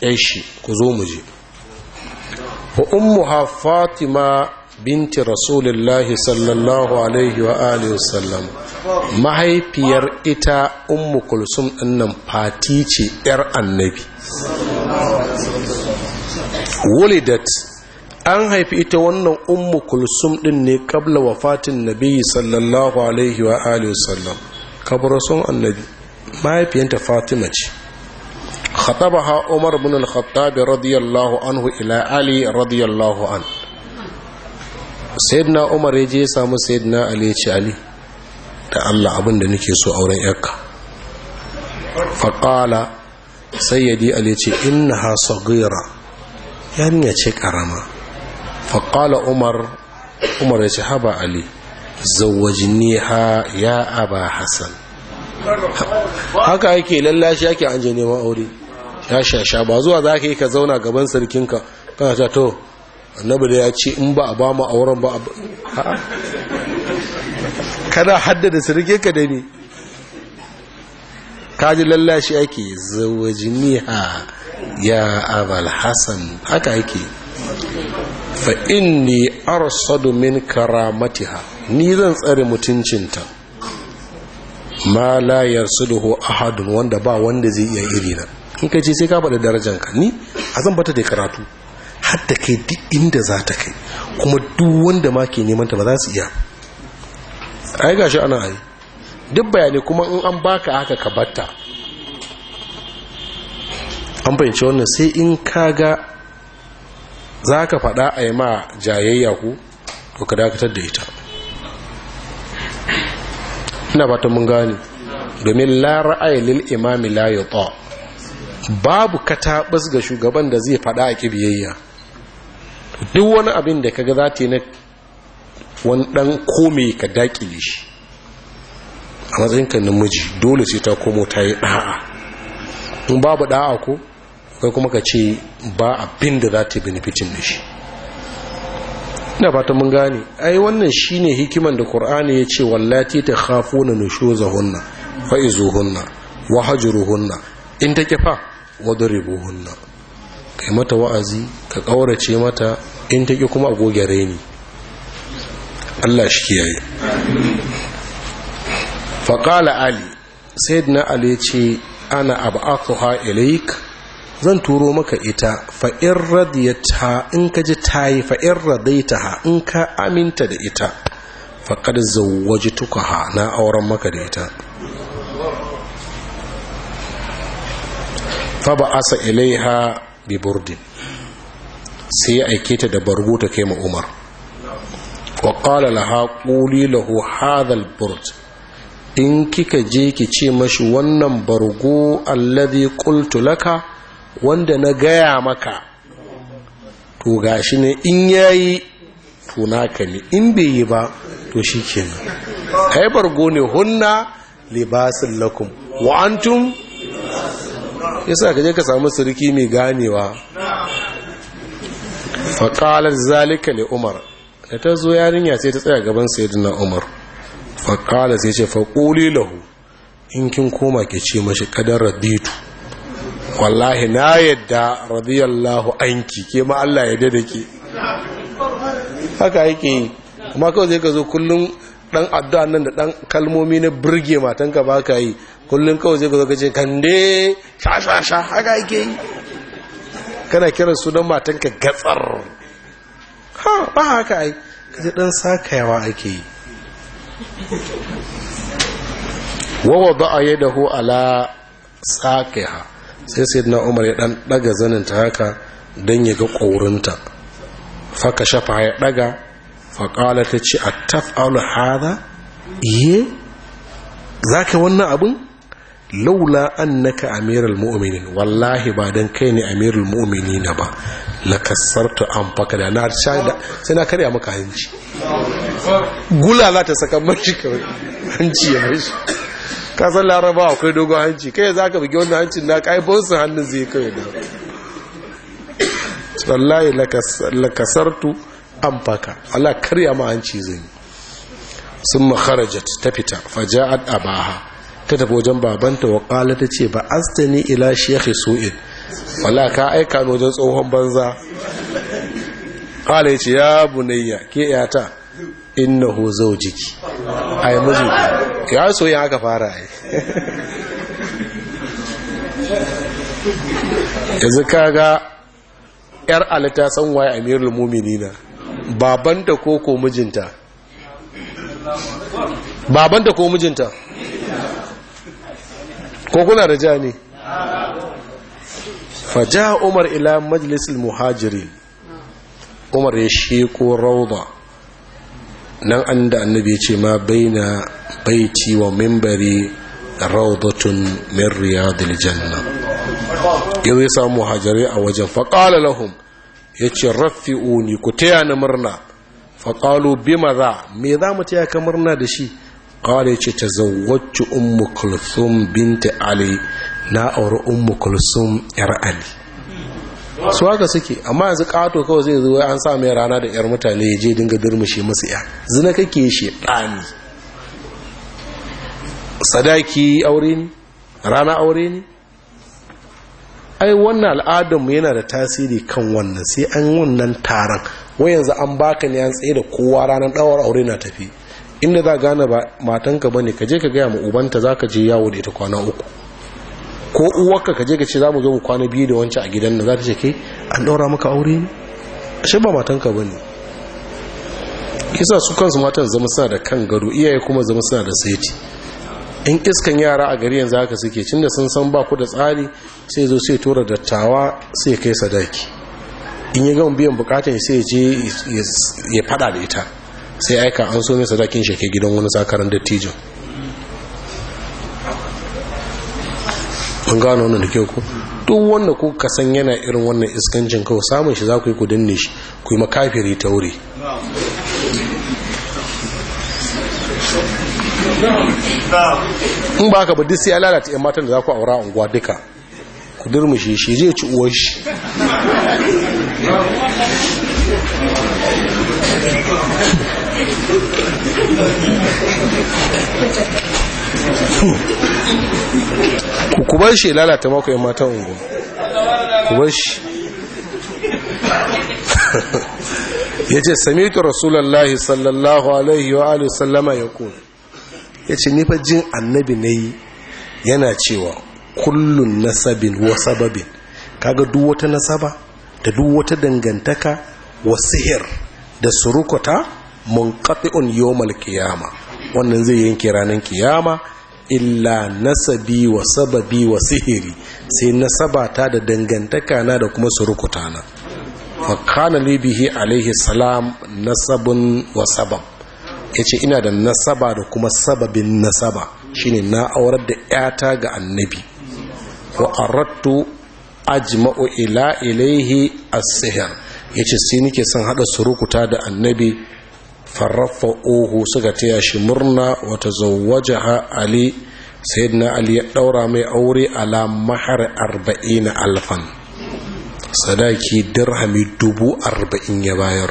yashi ku zo mu je wa ha fatima binti rasulullahi sallallahu alaihi wa alihi wasallam mahaifiyar ita ummu kulsum dinnan fati ce yar annabi wulidat an haifi ita wannan ummu kulsum din ne kabla wafatin nabi sallallahu alaihi wa alihi wasallam kabarsun annabi mahaifiyanta fatima ce khatabaha umar bin al-khattab radiyallahu anhu ila ali radiyallahu an sayyidina umar yaje ya samu sayyidina ali ya ce ali da Allah abin da nake so auren yarka faqala sayyidi ali ya ce innaha saghira yarinya ce karama faƙala umar umar ya ce haba ali zawajiniha ya aba hassan haka ake lallashi yake an je neman aure ya shasha ba zuwa za ka yi ka zauna gaban sarkinka kana ta to annabi da ya ce in ba a ba mu auren ba na haddada sarkinka da ne kaji lallashi ake ha ya abal hassan haka ake fa inni arsadu min karamatiha ni zan tsare mutuncinta ma la yarsuduhu ahadun wanda ba wanda zai iya iri na in kai ce sai ka bada darajar ka ni a zan bata da karatu hatta kai duk inda za ta kai kuma duk wanda ma ke neman ta ba za su iya ai gashi ana ai duk bayani kuma in an baka haka ka batta an fahimci wannan sai in ka ga. za ka faɗa a yi ma jayayya ku to ka dakatar da ita ina ba ta mun gani domin la ra'ayi lil imami la yuta babu katabus ga shugaban da zai faɗa a kibiyayya duk wani abin da kaga za ta yi na wani ɗan kome ka dakile shi a matsayin kan namiji dole sai ta komo ta yi ɗa'a in babu ɗa'a ko akwai kuma ka ce ba abin da za ta benefitin da shi ina fata mun gane ai wannan shi ne hikiman da Ƙur'ani ya ce wallati ta na khafuna hunna fa'izu-hunna, wa hunna in ta take fa Ka kai mata wa'azi ka ƙaurace mata in ta take kuma a goge reni Allah shi kiyaye faƙala ali ali dina ali ce ana abu ab'athuha ilaik zan turo maka ita fa'in radiyata in ka ji ta yi fa'in radaita in ka aminta da ita faƙar zawaji tuka ha na auren maka da ita fa ba asa ilaiha bi burdin sai ya aike ta da bargo ta kai ma umar wa ƙala laha ƙuli lahu hadhal burd in kika je ki ce mashi wannan bargo alladhi qultu laka wanda na gaya maka to ga shi ne in yayi to naka ne in bai yi ba to shi shikenan kai bargo ne hunna libasin lakum wa antum yasa je ka samu sirki mai ganewa faƙalar zalika li umar da ta zo yarinya sai ta tsaya gaban sayyidina umar faƙalar sai ce faƙuli lahu in kin koma ke ce mashi kadar wallahi na yadda radiyallahu anki ke ma Allah ya dade ke haka yake yi amma kawai zai ka zo kullum dan addu'a nan da dan kalmomi na burge matanka ba ka yi kullum kawai zai ka zo ka ce kande sha sha sha haka yake yi kana kiran su don matanka gatsar ha ba haka ai ka ji dan sakayawa ake yi wa wada yadahu ala saqiha sai sai na umar ya dan daga zaninta haka don ya ga ƙaurinta faka shafa ya daga faƙala ta ce a taf'alu hada iye za ka wannan abin laula annaka amiral mu'minin wallahi ba don kai ne amiral na ba kasarta an faka da na sai na karya maka hanci gula za ta saka mashi kawai hanci ya mashi Ka san laraba akwai dogon hanci kai za ka bugi wannan hancin na kaibonsu hannun zai kai da wallahi lakasartu an faka ala karya ma hanci zai sun makarajat ta fita faja'ad baha. ta tafi wajen babanta wa ta ce ba ni ila shekhi su'in wala ka aika wajen tsohon banza kala ya ce ya bunayya ke yata innahu zawjiki ai miji ya yin haka fara ai yanzu kaga yar alita san waye amirul mu'minina babanta ko ko mijinta da ko mijinta ko kuna da jani fa faja umar ila majlisil muhajirin umar ya sheko rauda nan an da annabi ya ce ma baina baiti wa mimbari rawdatun min riyadil janna yau ya samu hajare a wajen faƙala lahum ya ce uni ku taya ni murna faƙalu bima za me za mu taya ka murna da shi ƙala ya ce ta zawwacci ummu kulsum binta ali na auri ummu kulsum yar ali su haka suke amma yanzu kato kawai zai zo an sa rana da yar mutane ya je dinga durmushi musu ya zina kake shi ɗani sadaki aure ne rana aure ne ai wannan mu yana da tasiri kan wannan sai an wannan taron wai yanzu an baka ne an tsaye da kowa ranar ɗawar aure na tafi inda za gane ba matanka bane ka je ka gaya ma ubanta za ka je yawo da ita kwana uku ko uwarka ka je ka ce za mu zo mu kwana biyu da wancan a gidan nan za ta ce ke an ɗaura maka aure ne ashe ba matanka ba ne kisa su kansu matan zama suna da kan gado iyaye kuma zama suna da saiti in iskan yara a gari yanzu haka suke da sun san ba ku da tsari sai zo sai tura dattawa sai kai sadaki in ya gama biyan bukatan sai je ya fada da ita sai aika an so mai sadakin shi ke gidan wani sakaran dattijan an gano wannan da kyau ku duk wanda ku ka san yana irin wannan iskancin kawo samun shi za ku yi ku danne shi ku yi makafiri ta wuri in ba ka ba duk sai ya lalata yan matan da za ku aura unguwa duka ku mu shi zai ci uwar shi ku ku bar shi lalata mako yan matan ungo ku bar shi ya ce samitu rasulallahi sallallahu alaihi wa alihi sallama ya ku ya ce nifa jin annabi na yi yana cewa kullun nasabin wa sababin kaga duk wata nasaba da duk wata dangantaka wa sihir da surukuta mun munqati'un yawmal kiyama wannan zai yanke ranar kiyama illa nasabi wa sababi wa sihiri sai nasabata da dangantaka na da kuma surukuta na wa kana libihi alaihi salam nasabun wa sabab ya ce ina da nasaba da kuma sababin nasaba shine na aurar da yata ga annabi wa aradtu ajma'u ila ilaihi as-sihr yace sai nake son hada surukuta da annabi farrafa'uhu suka taya shi murna wata zawwajaha ali na ali ya daura mai aure ala mahar arba'in alfan sadaki dirhami dubu arba'in ya bayar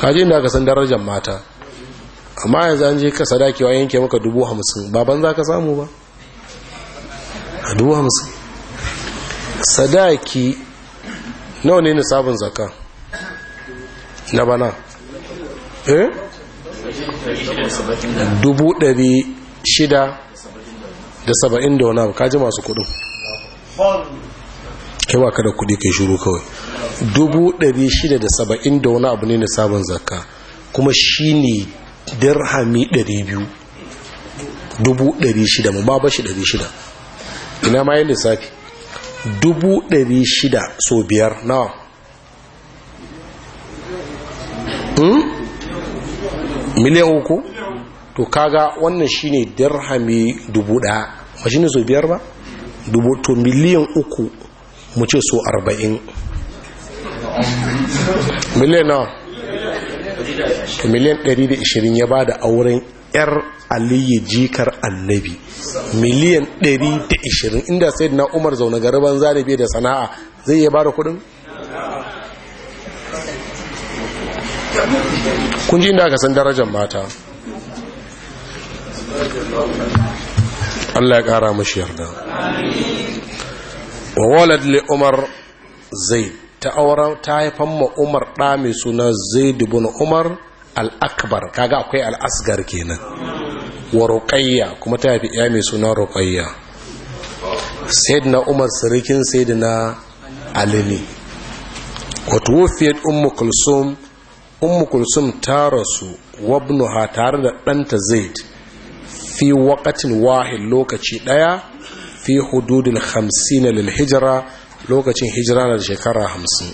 kaji inda ka san darajar mata amma yanzu an je ka sadaki wa yanke maka dubu hamsin baban za ka samu ba a dubu hamsin sadaki nawa ne nisabin zaka na bana Eh? dubu ɗari shida da saba'in da wani abu kaji masu kudin kai ba ka da kudi kai shuru kawai dubu ɗari shida da saba'in da wani abu ne na sabon zaka kuma shi ne dirhami dari biyu dubu ɗari shida mu ba ba shi ɗari shida ina ma yin lissafi dubu ɗari shida so biyar nawa hmm? miliyan uku to kaga wannan shine dirhami dubu daya mashi ne so biyar ba dubu to miliyan uku mu ce so arba'in miliyan nawa to miliyan da ishirin ya ba da auren yar aliyu jikar annabi miliyan da ishirin, inda sai na umar zaune garban zarabe da sana'a zai iya ba da kudin kun ji inda ka san darajar mata Allah ya ƙara mashi yarda wa walad li umar zaid ta aura ta haifan ma umar ɗa mai suna zaid ibn umar al-akbar kaga akwai al-asgar kenan wa ruqayya kuma ta haifi ya mai suna ruqayya sayyidina umar sirikin sayyidina alini wa tuwfiyat ummu kulsum ummu kulsum ta rasu wabnuha tare da ɗanta zaid fi wakatin wahin lokaci ɗaya fi hududin hamsin lil hijira lokacin hijira na shekara hamsin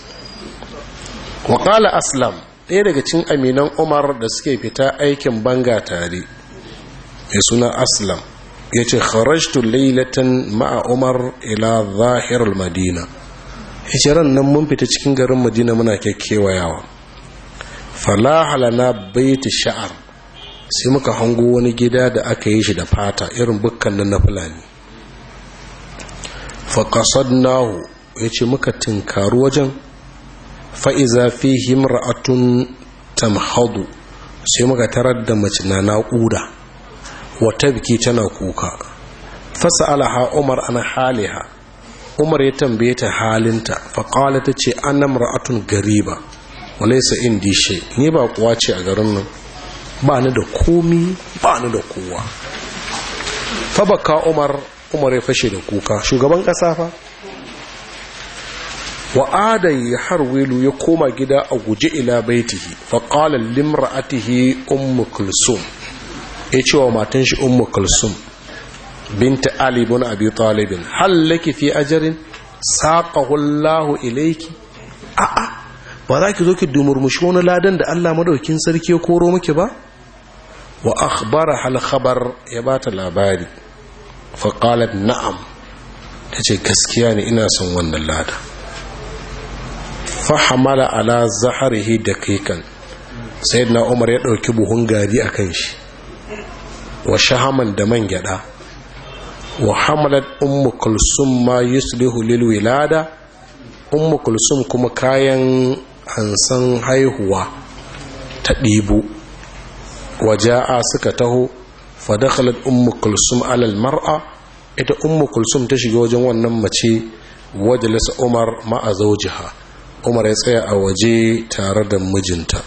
wakala aslam ɗaya daga cin aminan umar da suke fita aikin banga tare mai suna aslam ya ce kharajtu lailatan ma'a umar ila zahirar madina hijiran nan mun fita cikin garin madina muna kyakkyawa yawa falahalana baiti sha'ar sai muka hango wani gida da aka yi shi da fata irin bukkan na fulani nahu ya ce muka tinkaru wajen fa'iza fi himra'atun tamhadu sai muka tarar da mace na naƙuda wata biki tana kuka Fasa alaha umar an haliha umar ya tambaye ta halinta faƙala ta ce an namra'atun gariba walaisa indi shi ni ba kuwa ce a garin nan ba ni da komi ba ni da kowa fa baka umar umar ya fashe da kuka shugaban kasa fa wa adan ya harwilu ya koma gida a guje ila baitihi fa qala limra'atihi ummu kulsum ya ce wa matan shi ummu kulsum binta ali abi Talibin. Hallaki laki fi ajarin saƙa hullahu ilaiki. A'a. ba za ki zo ki dumurmushi wani ladan da Allah madaukin sarki ya koro miki ba wa akhbara hal khabar ya bata labari fa qalat na'am tace gaskiya ne ina son wannan lada fa hamala ala zahrihi daqiqan sayyidina Umar ya dauki buhun gari akan shi wa shahaman da man gyada wa hamalat ummu kulsum ma yuslihu lil wilada ummu kulsum kuma kayan An san haihuwa ta ɗibo waja'a suka taho fadakalar ummu kulsum alal mar'a ita ummu kulsum ta shiga wajen wannan mace lasa umar ma'a zaujiha umar ya tsaya a waje tare da mijinta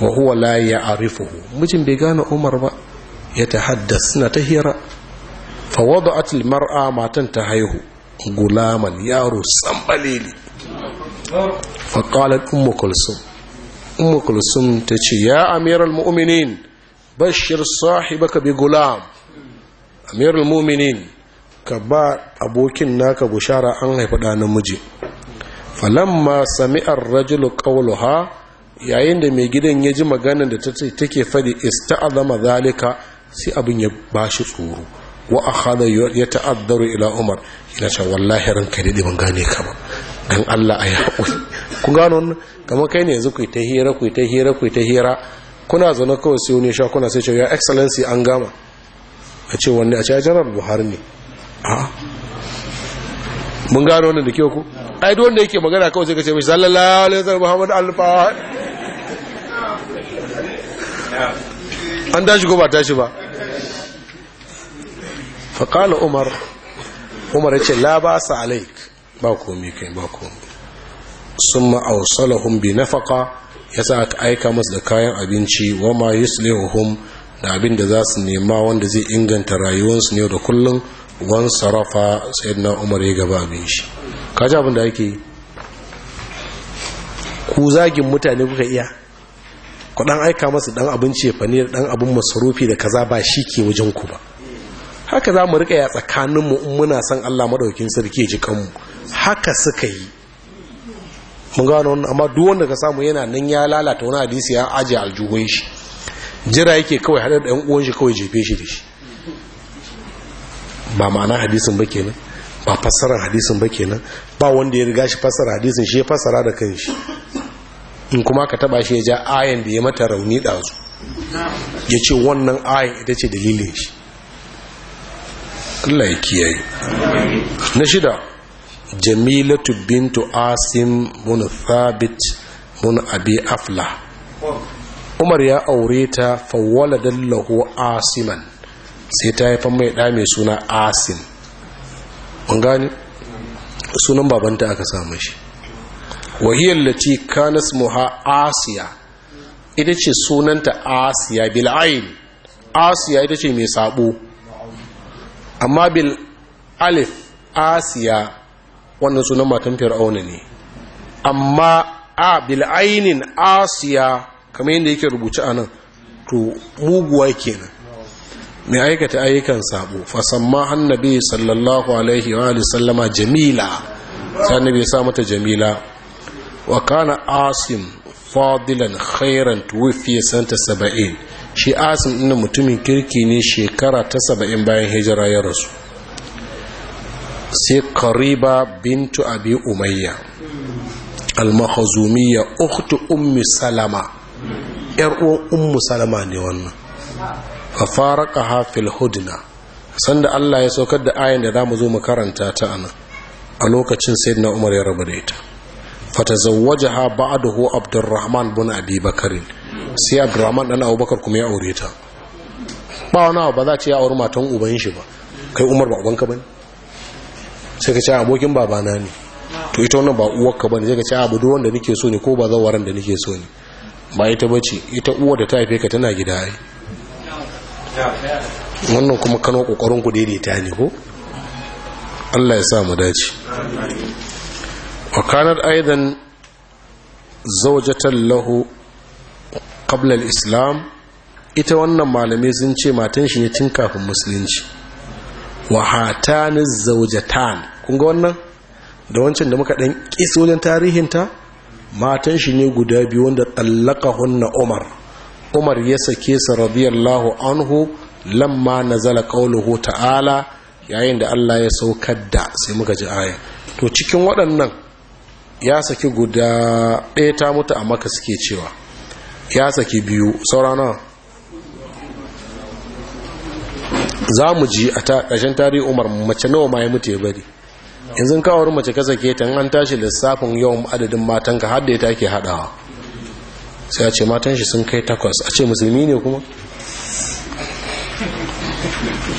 wa huwa la ya arifuhu mijin bai gane umar ba ya ta haddasa na ta hira fawada'at al mar'a matan ta haihu gulaman yaro sambaleli faƙalar ummu kulsum ta ce ya amiral mu'minin bashir sahibaka bi gulam amiral mu'minin ka ba abokin naka bushara an haifi ɗa namiji falamma sami'ar rajulu qawluha yayin da mai gidan ya ji maganar da take fadi ista'azama zalika sai abin ya bashi tsoro wa ya yata'addaru ila umar ina cewa wallahi ranka dai ban gane ka dan Allah a haƙuri ku gano wannan kamar kai ne yanzu ku ta hira ku ta hira ku ta hira kuna zaune kawai sai wani sha kuna sai ce ya excellency an gama a ce wanne a ce general Buhari ne a ah. mun gano wannan da kyau ku ai duk wanda yake magana kawai sai ka ce sallallahu alaihi wasallam Muhammad alfa an tashi ko ba tashi ba fa qala umar umar ya ce la ba sa alaik ba komi kai ba komi sun ma'ausalahun bi nafaka ya sa aka aika masu da kayan abinci wa ma yi yuslihuhum da abin da za su nema wanda zai inganta rayuwarsu ne da kullum wan sarrafa na umar ya gaba abin shi ka ji abin da ake ku zagin mutane kuka iya ku dan aika masu dan abinci fa da dan abin masarufi da kaza ba shi ke wajen ku ba haka za mu rika ya tsakaninmu in muna son Allah maɗaukin sarki ya ji kanmu haka suka yi mun gano wannan amma duk wanda ka samu yana nan ya lalata wani hadisi ya ajiye aljuhun shi jira yake kawai haɗar da yan uwan shi kawai jefe shi da shi ba ma'ana hadisin ba kenan ba fassarar hadisin ba kenan ba wanda ya riga shi fassara hadisin shi ya fassara da kan shi. in kuma ka taba shi ya ja ayan da ya mata rauni ɗazu ya ce wannan ayan ita ce dalilin shi Allah ya kiyaye na shida jamilatu bintu asim mun thabit mun abi afla umar ya aure ta fawwala dallahu asiman sai ta haifan mai ɗa mai suna asim mun gani sunan babanta aka samu shi wahiyar lati kanas muha asiya ita ce sunanta asiya bil'ayin asiya ita ce mai sabo amma bil alif asiya wannan sunan matan fir'auna ne amma a bil'ainin asiya kamar yadda yake rubuce a nan to muguwa kenan mai aikata ayyukan sabo fasamma annabi sallallahu alaihi wa sallama jamila sai annabi sa mata jamila wa kana asim fadilan khairan san ta 70 shi asim ɗin mutumin kirki ne shekara ta saba'in bayan hijira ya rasu sai kariba bintu abi umayya al ya ukhtu ummi salama yar uwan ummu salama ne wannan fa faraqaha fil hudna sanda Allah ya saukar da ayin da zamu zo mu karanta ta anan a lokacin sayyidina Umar ya rabu da ita fatazawwajaha ba'dahu Abdurrahman bin Abi Bakr sai Abdurrahman dan Abubakar kuma ya aure ta ba wani abu ba za ce ya auri matan uban shi ba kai Umar ba ubanka bane sai ka ce abokin babana ne to ita wannan ba uwarka bane sai ka ce abu wanda nake so ne ko ba zawaran da nake so ne ba ita bace ita uwar da ta haife ka tana gida ai wannan kuma kano kokarin ku daidaita ne ko Allah ya sa mu dace wa kanat aidan zawjatan lahu qabla al-islam ita wannan malamai sun ce matan shi ne tun kafin musulunci wa hataniz zawjatan kun ga wannan da wancan da muka ɗan ƙis wajen tarihinta matan shi ne guda biyu wanda tsallaka hunna umar umar ya sake sa radiyallahu anhu lamma zala qauluhu ta'ala yayin da Allah ya saukar da sai muka ji aya to cikin waɗannan ya saki guda ɗaya ta mutu a maka suke cewa ya saki biyu saurana za mu ji a ƙashin tarihi umar mace nawa ma ya mutu ya bari yanzu kawar mace ka sake ta an tashi lissafin yawan adadin matanka har da ya take hadawa sai a ce matan shi sun kai takwas a ce musulmi ne kuma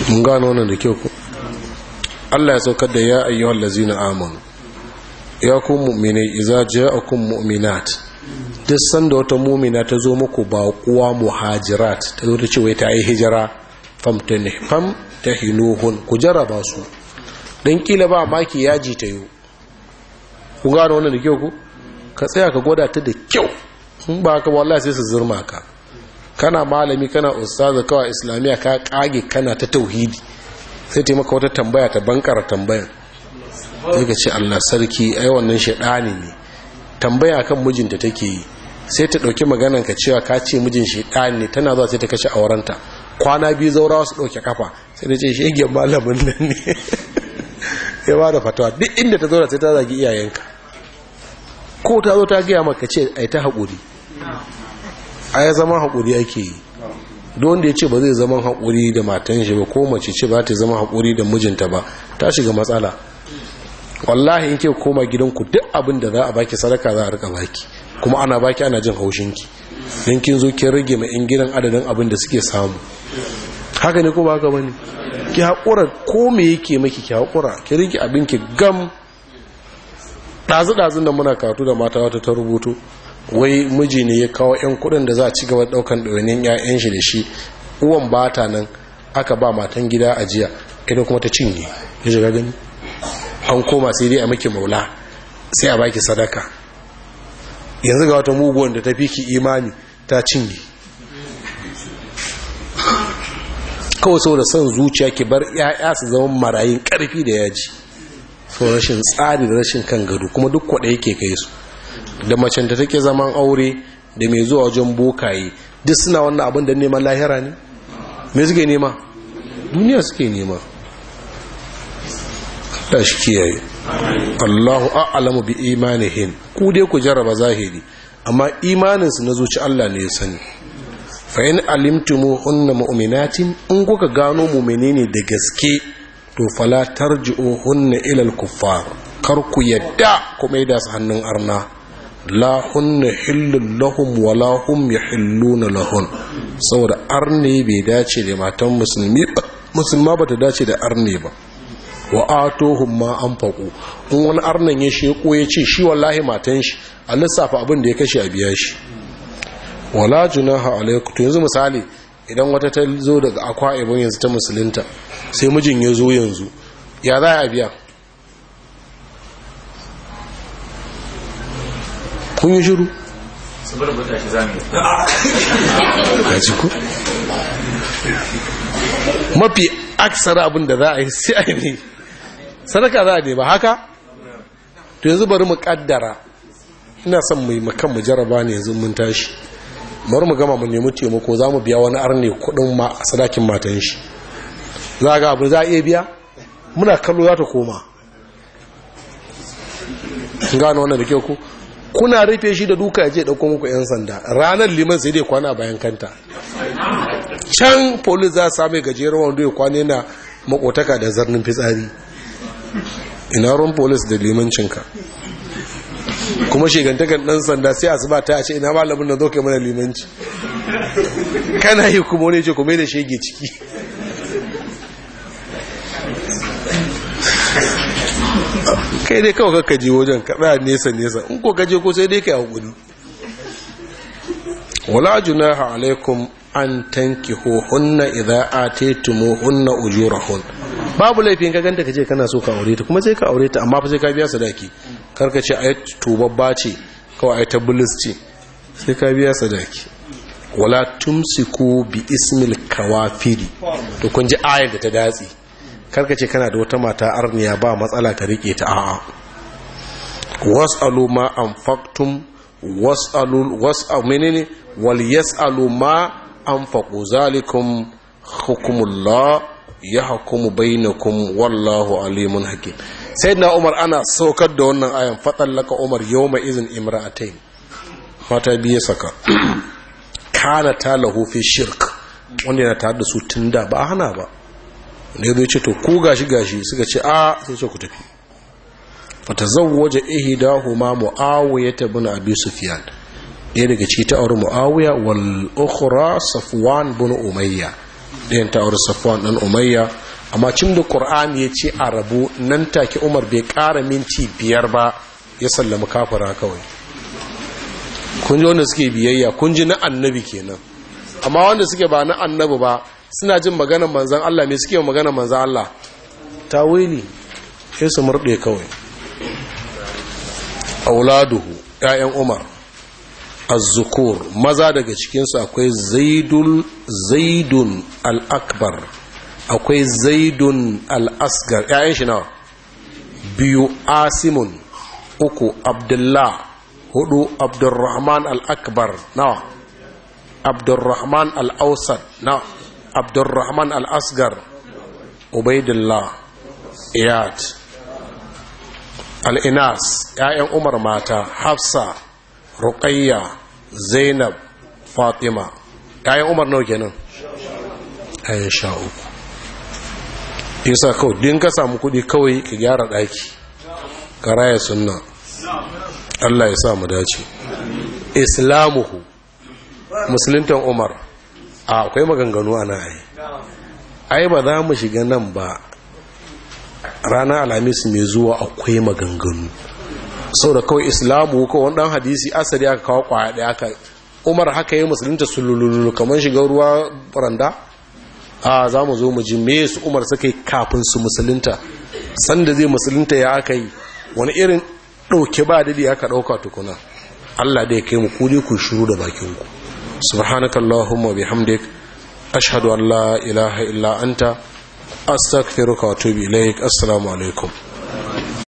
mun gano wannan da kyau ku Allah ya saukar da ya ayyuhal lazina amanu ya ku mu'minai idza ja'akum mu'minat duk sanda wata mu'mina ta zo muku ba kuwa muhajirat ta zo ta ce wai ta yi hijira famtani ta fam tahinuhun ku su don kila ba maki yaji ta yi ku gano wannan da kyau ku ka tsaya ka gwada ta da kyau in ba ka wallahi sai su zurma ka kana malami kana ustaz kawai islamiyya ka kage kana ta tauhidi sai ta maka wata tambaya ta bankara tambayan sai ka ce Allah sarki ai wannan shedani ne tambaya kan mijinta take yi sai ta ɗauki maganan ka cewa ka ce mijin shedani ne tana zuwa sai ta kashe aurenta kwana biyu zaurawa su dauke kafa sai ta ce shegen malamin nan ne ya ba da fatawa duk inda ta zauna sai ta zagi iyayenka ko ta zo ta gaya maka ce ai ta haƙuri a ya zama haƙuri ake yi don da ya ce ba zai zama haƙuri da matan shi ba ko mace ce ba ta zama haƙuri da mijinta ba ta shiga matsala wallahi in ke koma gidanku duk abin da za a baki sadaka za a rika baki kuma ana baki ana jin haushinki don kin zo kin rage ma in gidan adadin abin da suke samu haka ne ko ba haka bane ki haƙura ko me yake maki ki haƙura ki abin ki gam ɗazu-ɗazun da muna karatu da mata wata ta rubutu wai miji ne ya kawo 'yan kuɗin da za a ci gaba ɗaukan ɗaunin 'ya'yan shi da shi uwan ba ta nan aka ba matan gida a jiya ita kuma ta cinye ya shiga gani an koma sai dai a maki maula sai a baki sadaka yanzu ga wata muguwan da ta fi ki imani ta cinye kawai saboda son zuciya ke bar ya'ya su zama marayin karfi da yaji so rashin tsari da rashin kan gado kuma duk kwaɗa yake kai su da macen da take zaman aure da mai zuwa wajen bokaye duk suna wannan abin da neman lahira ne me suke nema duniya suke nema ta shi kiyaye Allahu a'lamu bi imanihin ku dai ku jarraba zahiri amma imaninsu na zuci Allah ne ya sani fa'in alimtumu hunna mu'minatin in kuka gano mu'mini ne da gaske to fala tarji'u hunna ilal kuffar kar ku yadda ku da su hannun arna la hunna hillun lahum wa la hum yahilluna lahun saboda arne bai dace da matan musulmi musulma ba ta dace da arne ba wa atohum ma anfaqu in wani arnan ya sheko ya ce shi wallahi matan shi a lissafa abin da ya kashe a biya shi wala junaha alaikum to yanzu misali idan wata ta zo daga akwa ibon yanzu ta musulunta sai mijin ya zo yanzu ya za a biya kun yi shiru mafi aksar abin da za a yi sai a yi ne sadaka za a ne ba haka to yanzu bari mu kaddara ina son mai makamu mu jaraba ne yanzu mun tashi bari mu gama mu nemi taimako za mu biya wani arne kudin ma a sadakin matan shi za ga abu za a iya biya muna kallo za ta koma gano wannan da kyau ku kuna rufe shi da duka ya je dauko muku yan sanda ranar liman sai dai kwana bayan kanta can polis za su sami gajeren wanda ya kwana yana makotaka da zarnin fitsari ina ruwan polis da limancinka kuma shegantakan dan sanda sai asuba ta ce ina malamin nan zo kai mana limanci kana yi kuma wani ce kuma da shege ciki kai dai kawo kakaji je wajen ka nesa nesa in ko kaje ko sai dai kai hakuri wala junaha alaikum an tanki tankihu hunna a atitumu hunna ujurahun babu laifin ka ganta ka ce kana so ka aure ta kuma sai ka aure ta amma fa sai ka biya sadaki karka ce yi tubabba ce kawai yi tabbulis ce sai ka biya sadaki wala tumsiku bi ismil kawafiri to kun ji ayar da ta datsi karka ce kana da wata mata arniya ba matsala ka rike ta a'a was'alu ma anfaqtum wasu was'alu ne wal yas'alu ma faku zalikun hukumullah yahkumu bainakum wallahu alimun hakim sai na umar ana saukar da wannan ayan laka umar yau mai izin imra a imra'atain mata biya saka kana ta lahofi shirk wanda yana tare da su tun da ba hana ba wanda ya zai ce to ku gashi gashi suka ce a sai ce ku tafi fata zan waje da zawwaje ihdahuma muawiyah bin abi sufiyan ɗaya daga ciki ta auri muawiya wal ukhra safwan bin umayya ɗayan ta auri safwan ɗan umayya amma cin da ya ce a rabu nan take umar bai ƙara minti biyar ba ya sallama kafara kawai kun ji wanda suke biyayya kun ji na annabi kenan amma wanda suke ba na annabi ba suna jin maganar manzan Allah mai suke maganar manzan Allah ta wili Ya su murɗe kawai auladuhu ƴaƴan umar azzukur maza daga cikinsu akwai zaidul zaidun al-akbar akwai zaidun al'asgar ‘ya'yan shi nawa biyu asimun uku abdullah hudu abdurrahman al'akbar nawa abdurrahman al'ausar na abdurrahman al'asgar ubaidullah iyad al'inas ‘ya'yan umar mata hafsa ruqayya zainab fatima ‘ya'yan umar nau kenan ‘ya'yan sha yasa kawai din ka samu kuɗi kawai ka gyara ɗaki karaya sunna Allah ya sa mu dace islamuhu musuluntan umar a akwai maganganu a na'ayi ai ba za mu shiga nan ba ranar alhamis mai zuwa akwai maganganu sau da kawai islamu ko wani hadisi asali aka kawo kwaya aka umar haka yi musulunta sululululu kamar shiga ruwa randa a za mu zo mu ji me su umar suka yi kafin su musulunta sanda zai musulunta ya aka yi wani irin ɗauke ba dadi aka ɗauka tukuna allah da ya kai mu kuje ku shuru da bakinku subhanaka allahumma hamdik ashhadu an la ilaha illa anta astaghfiruka wa atubu ilaik assalamu alaikum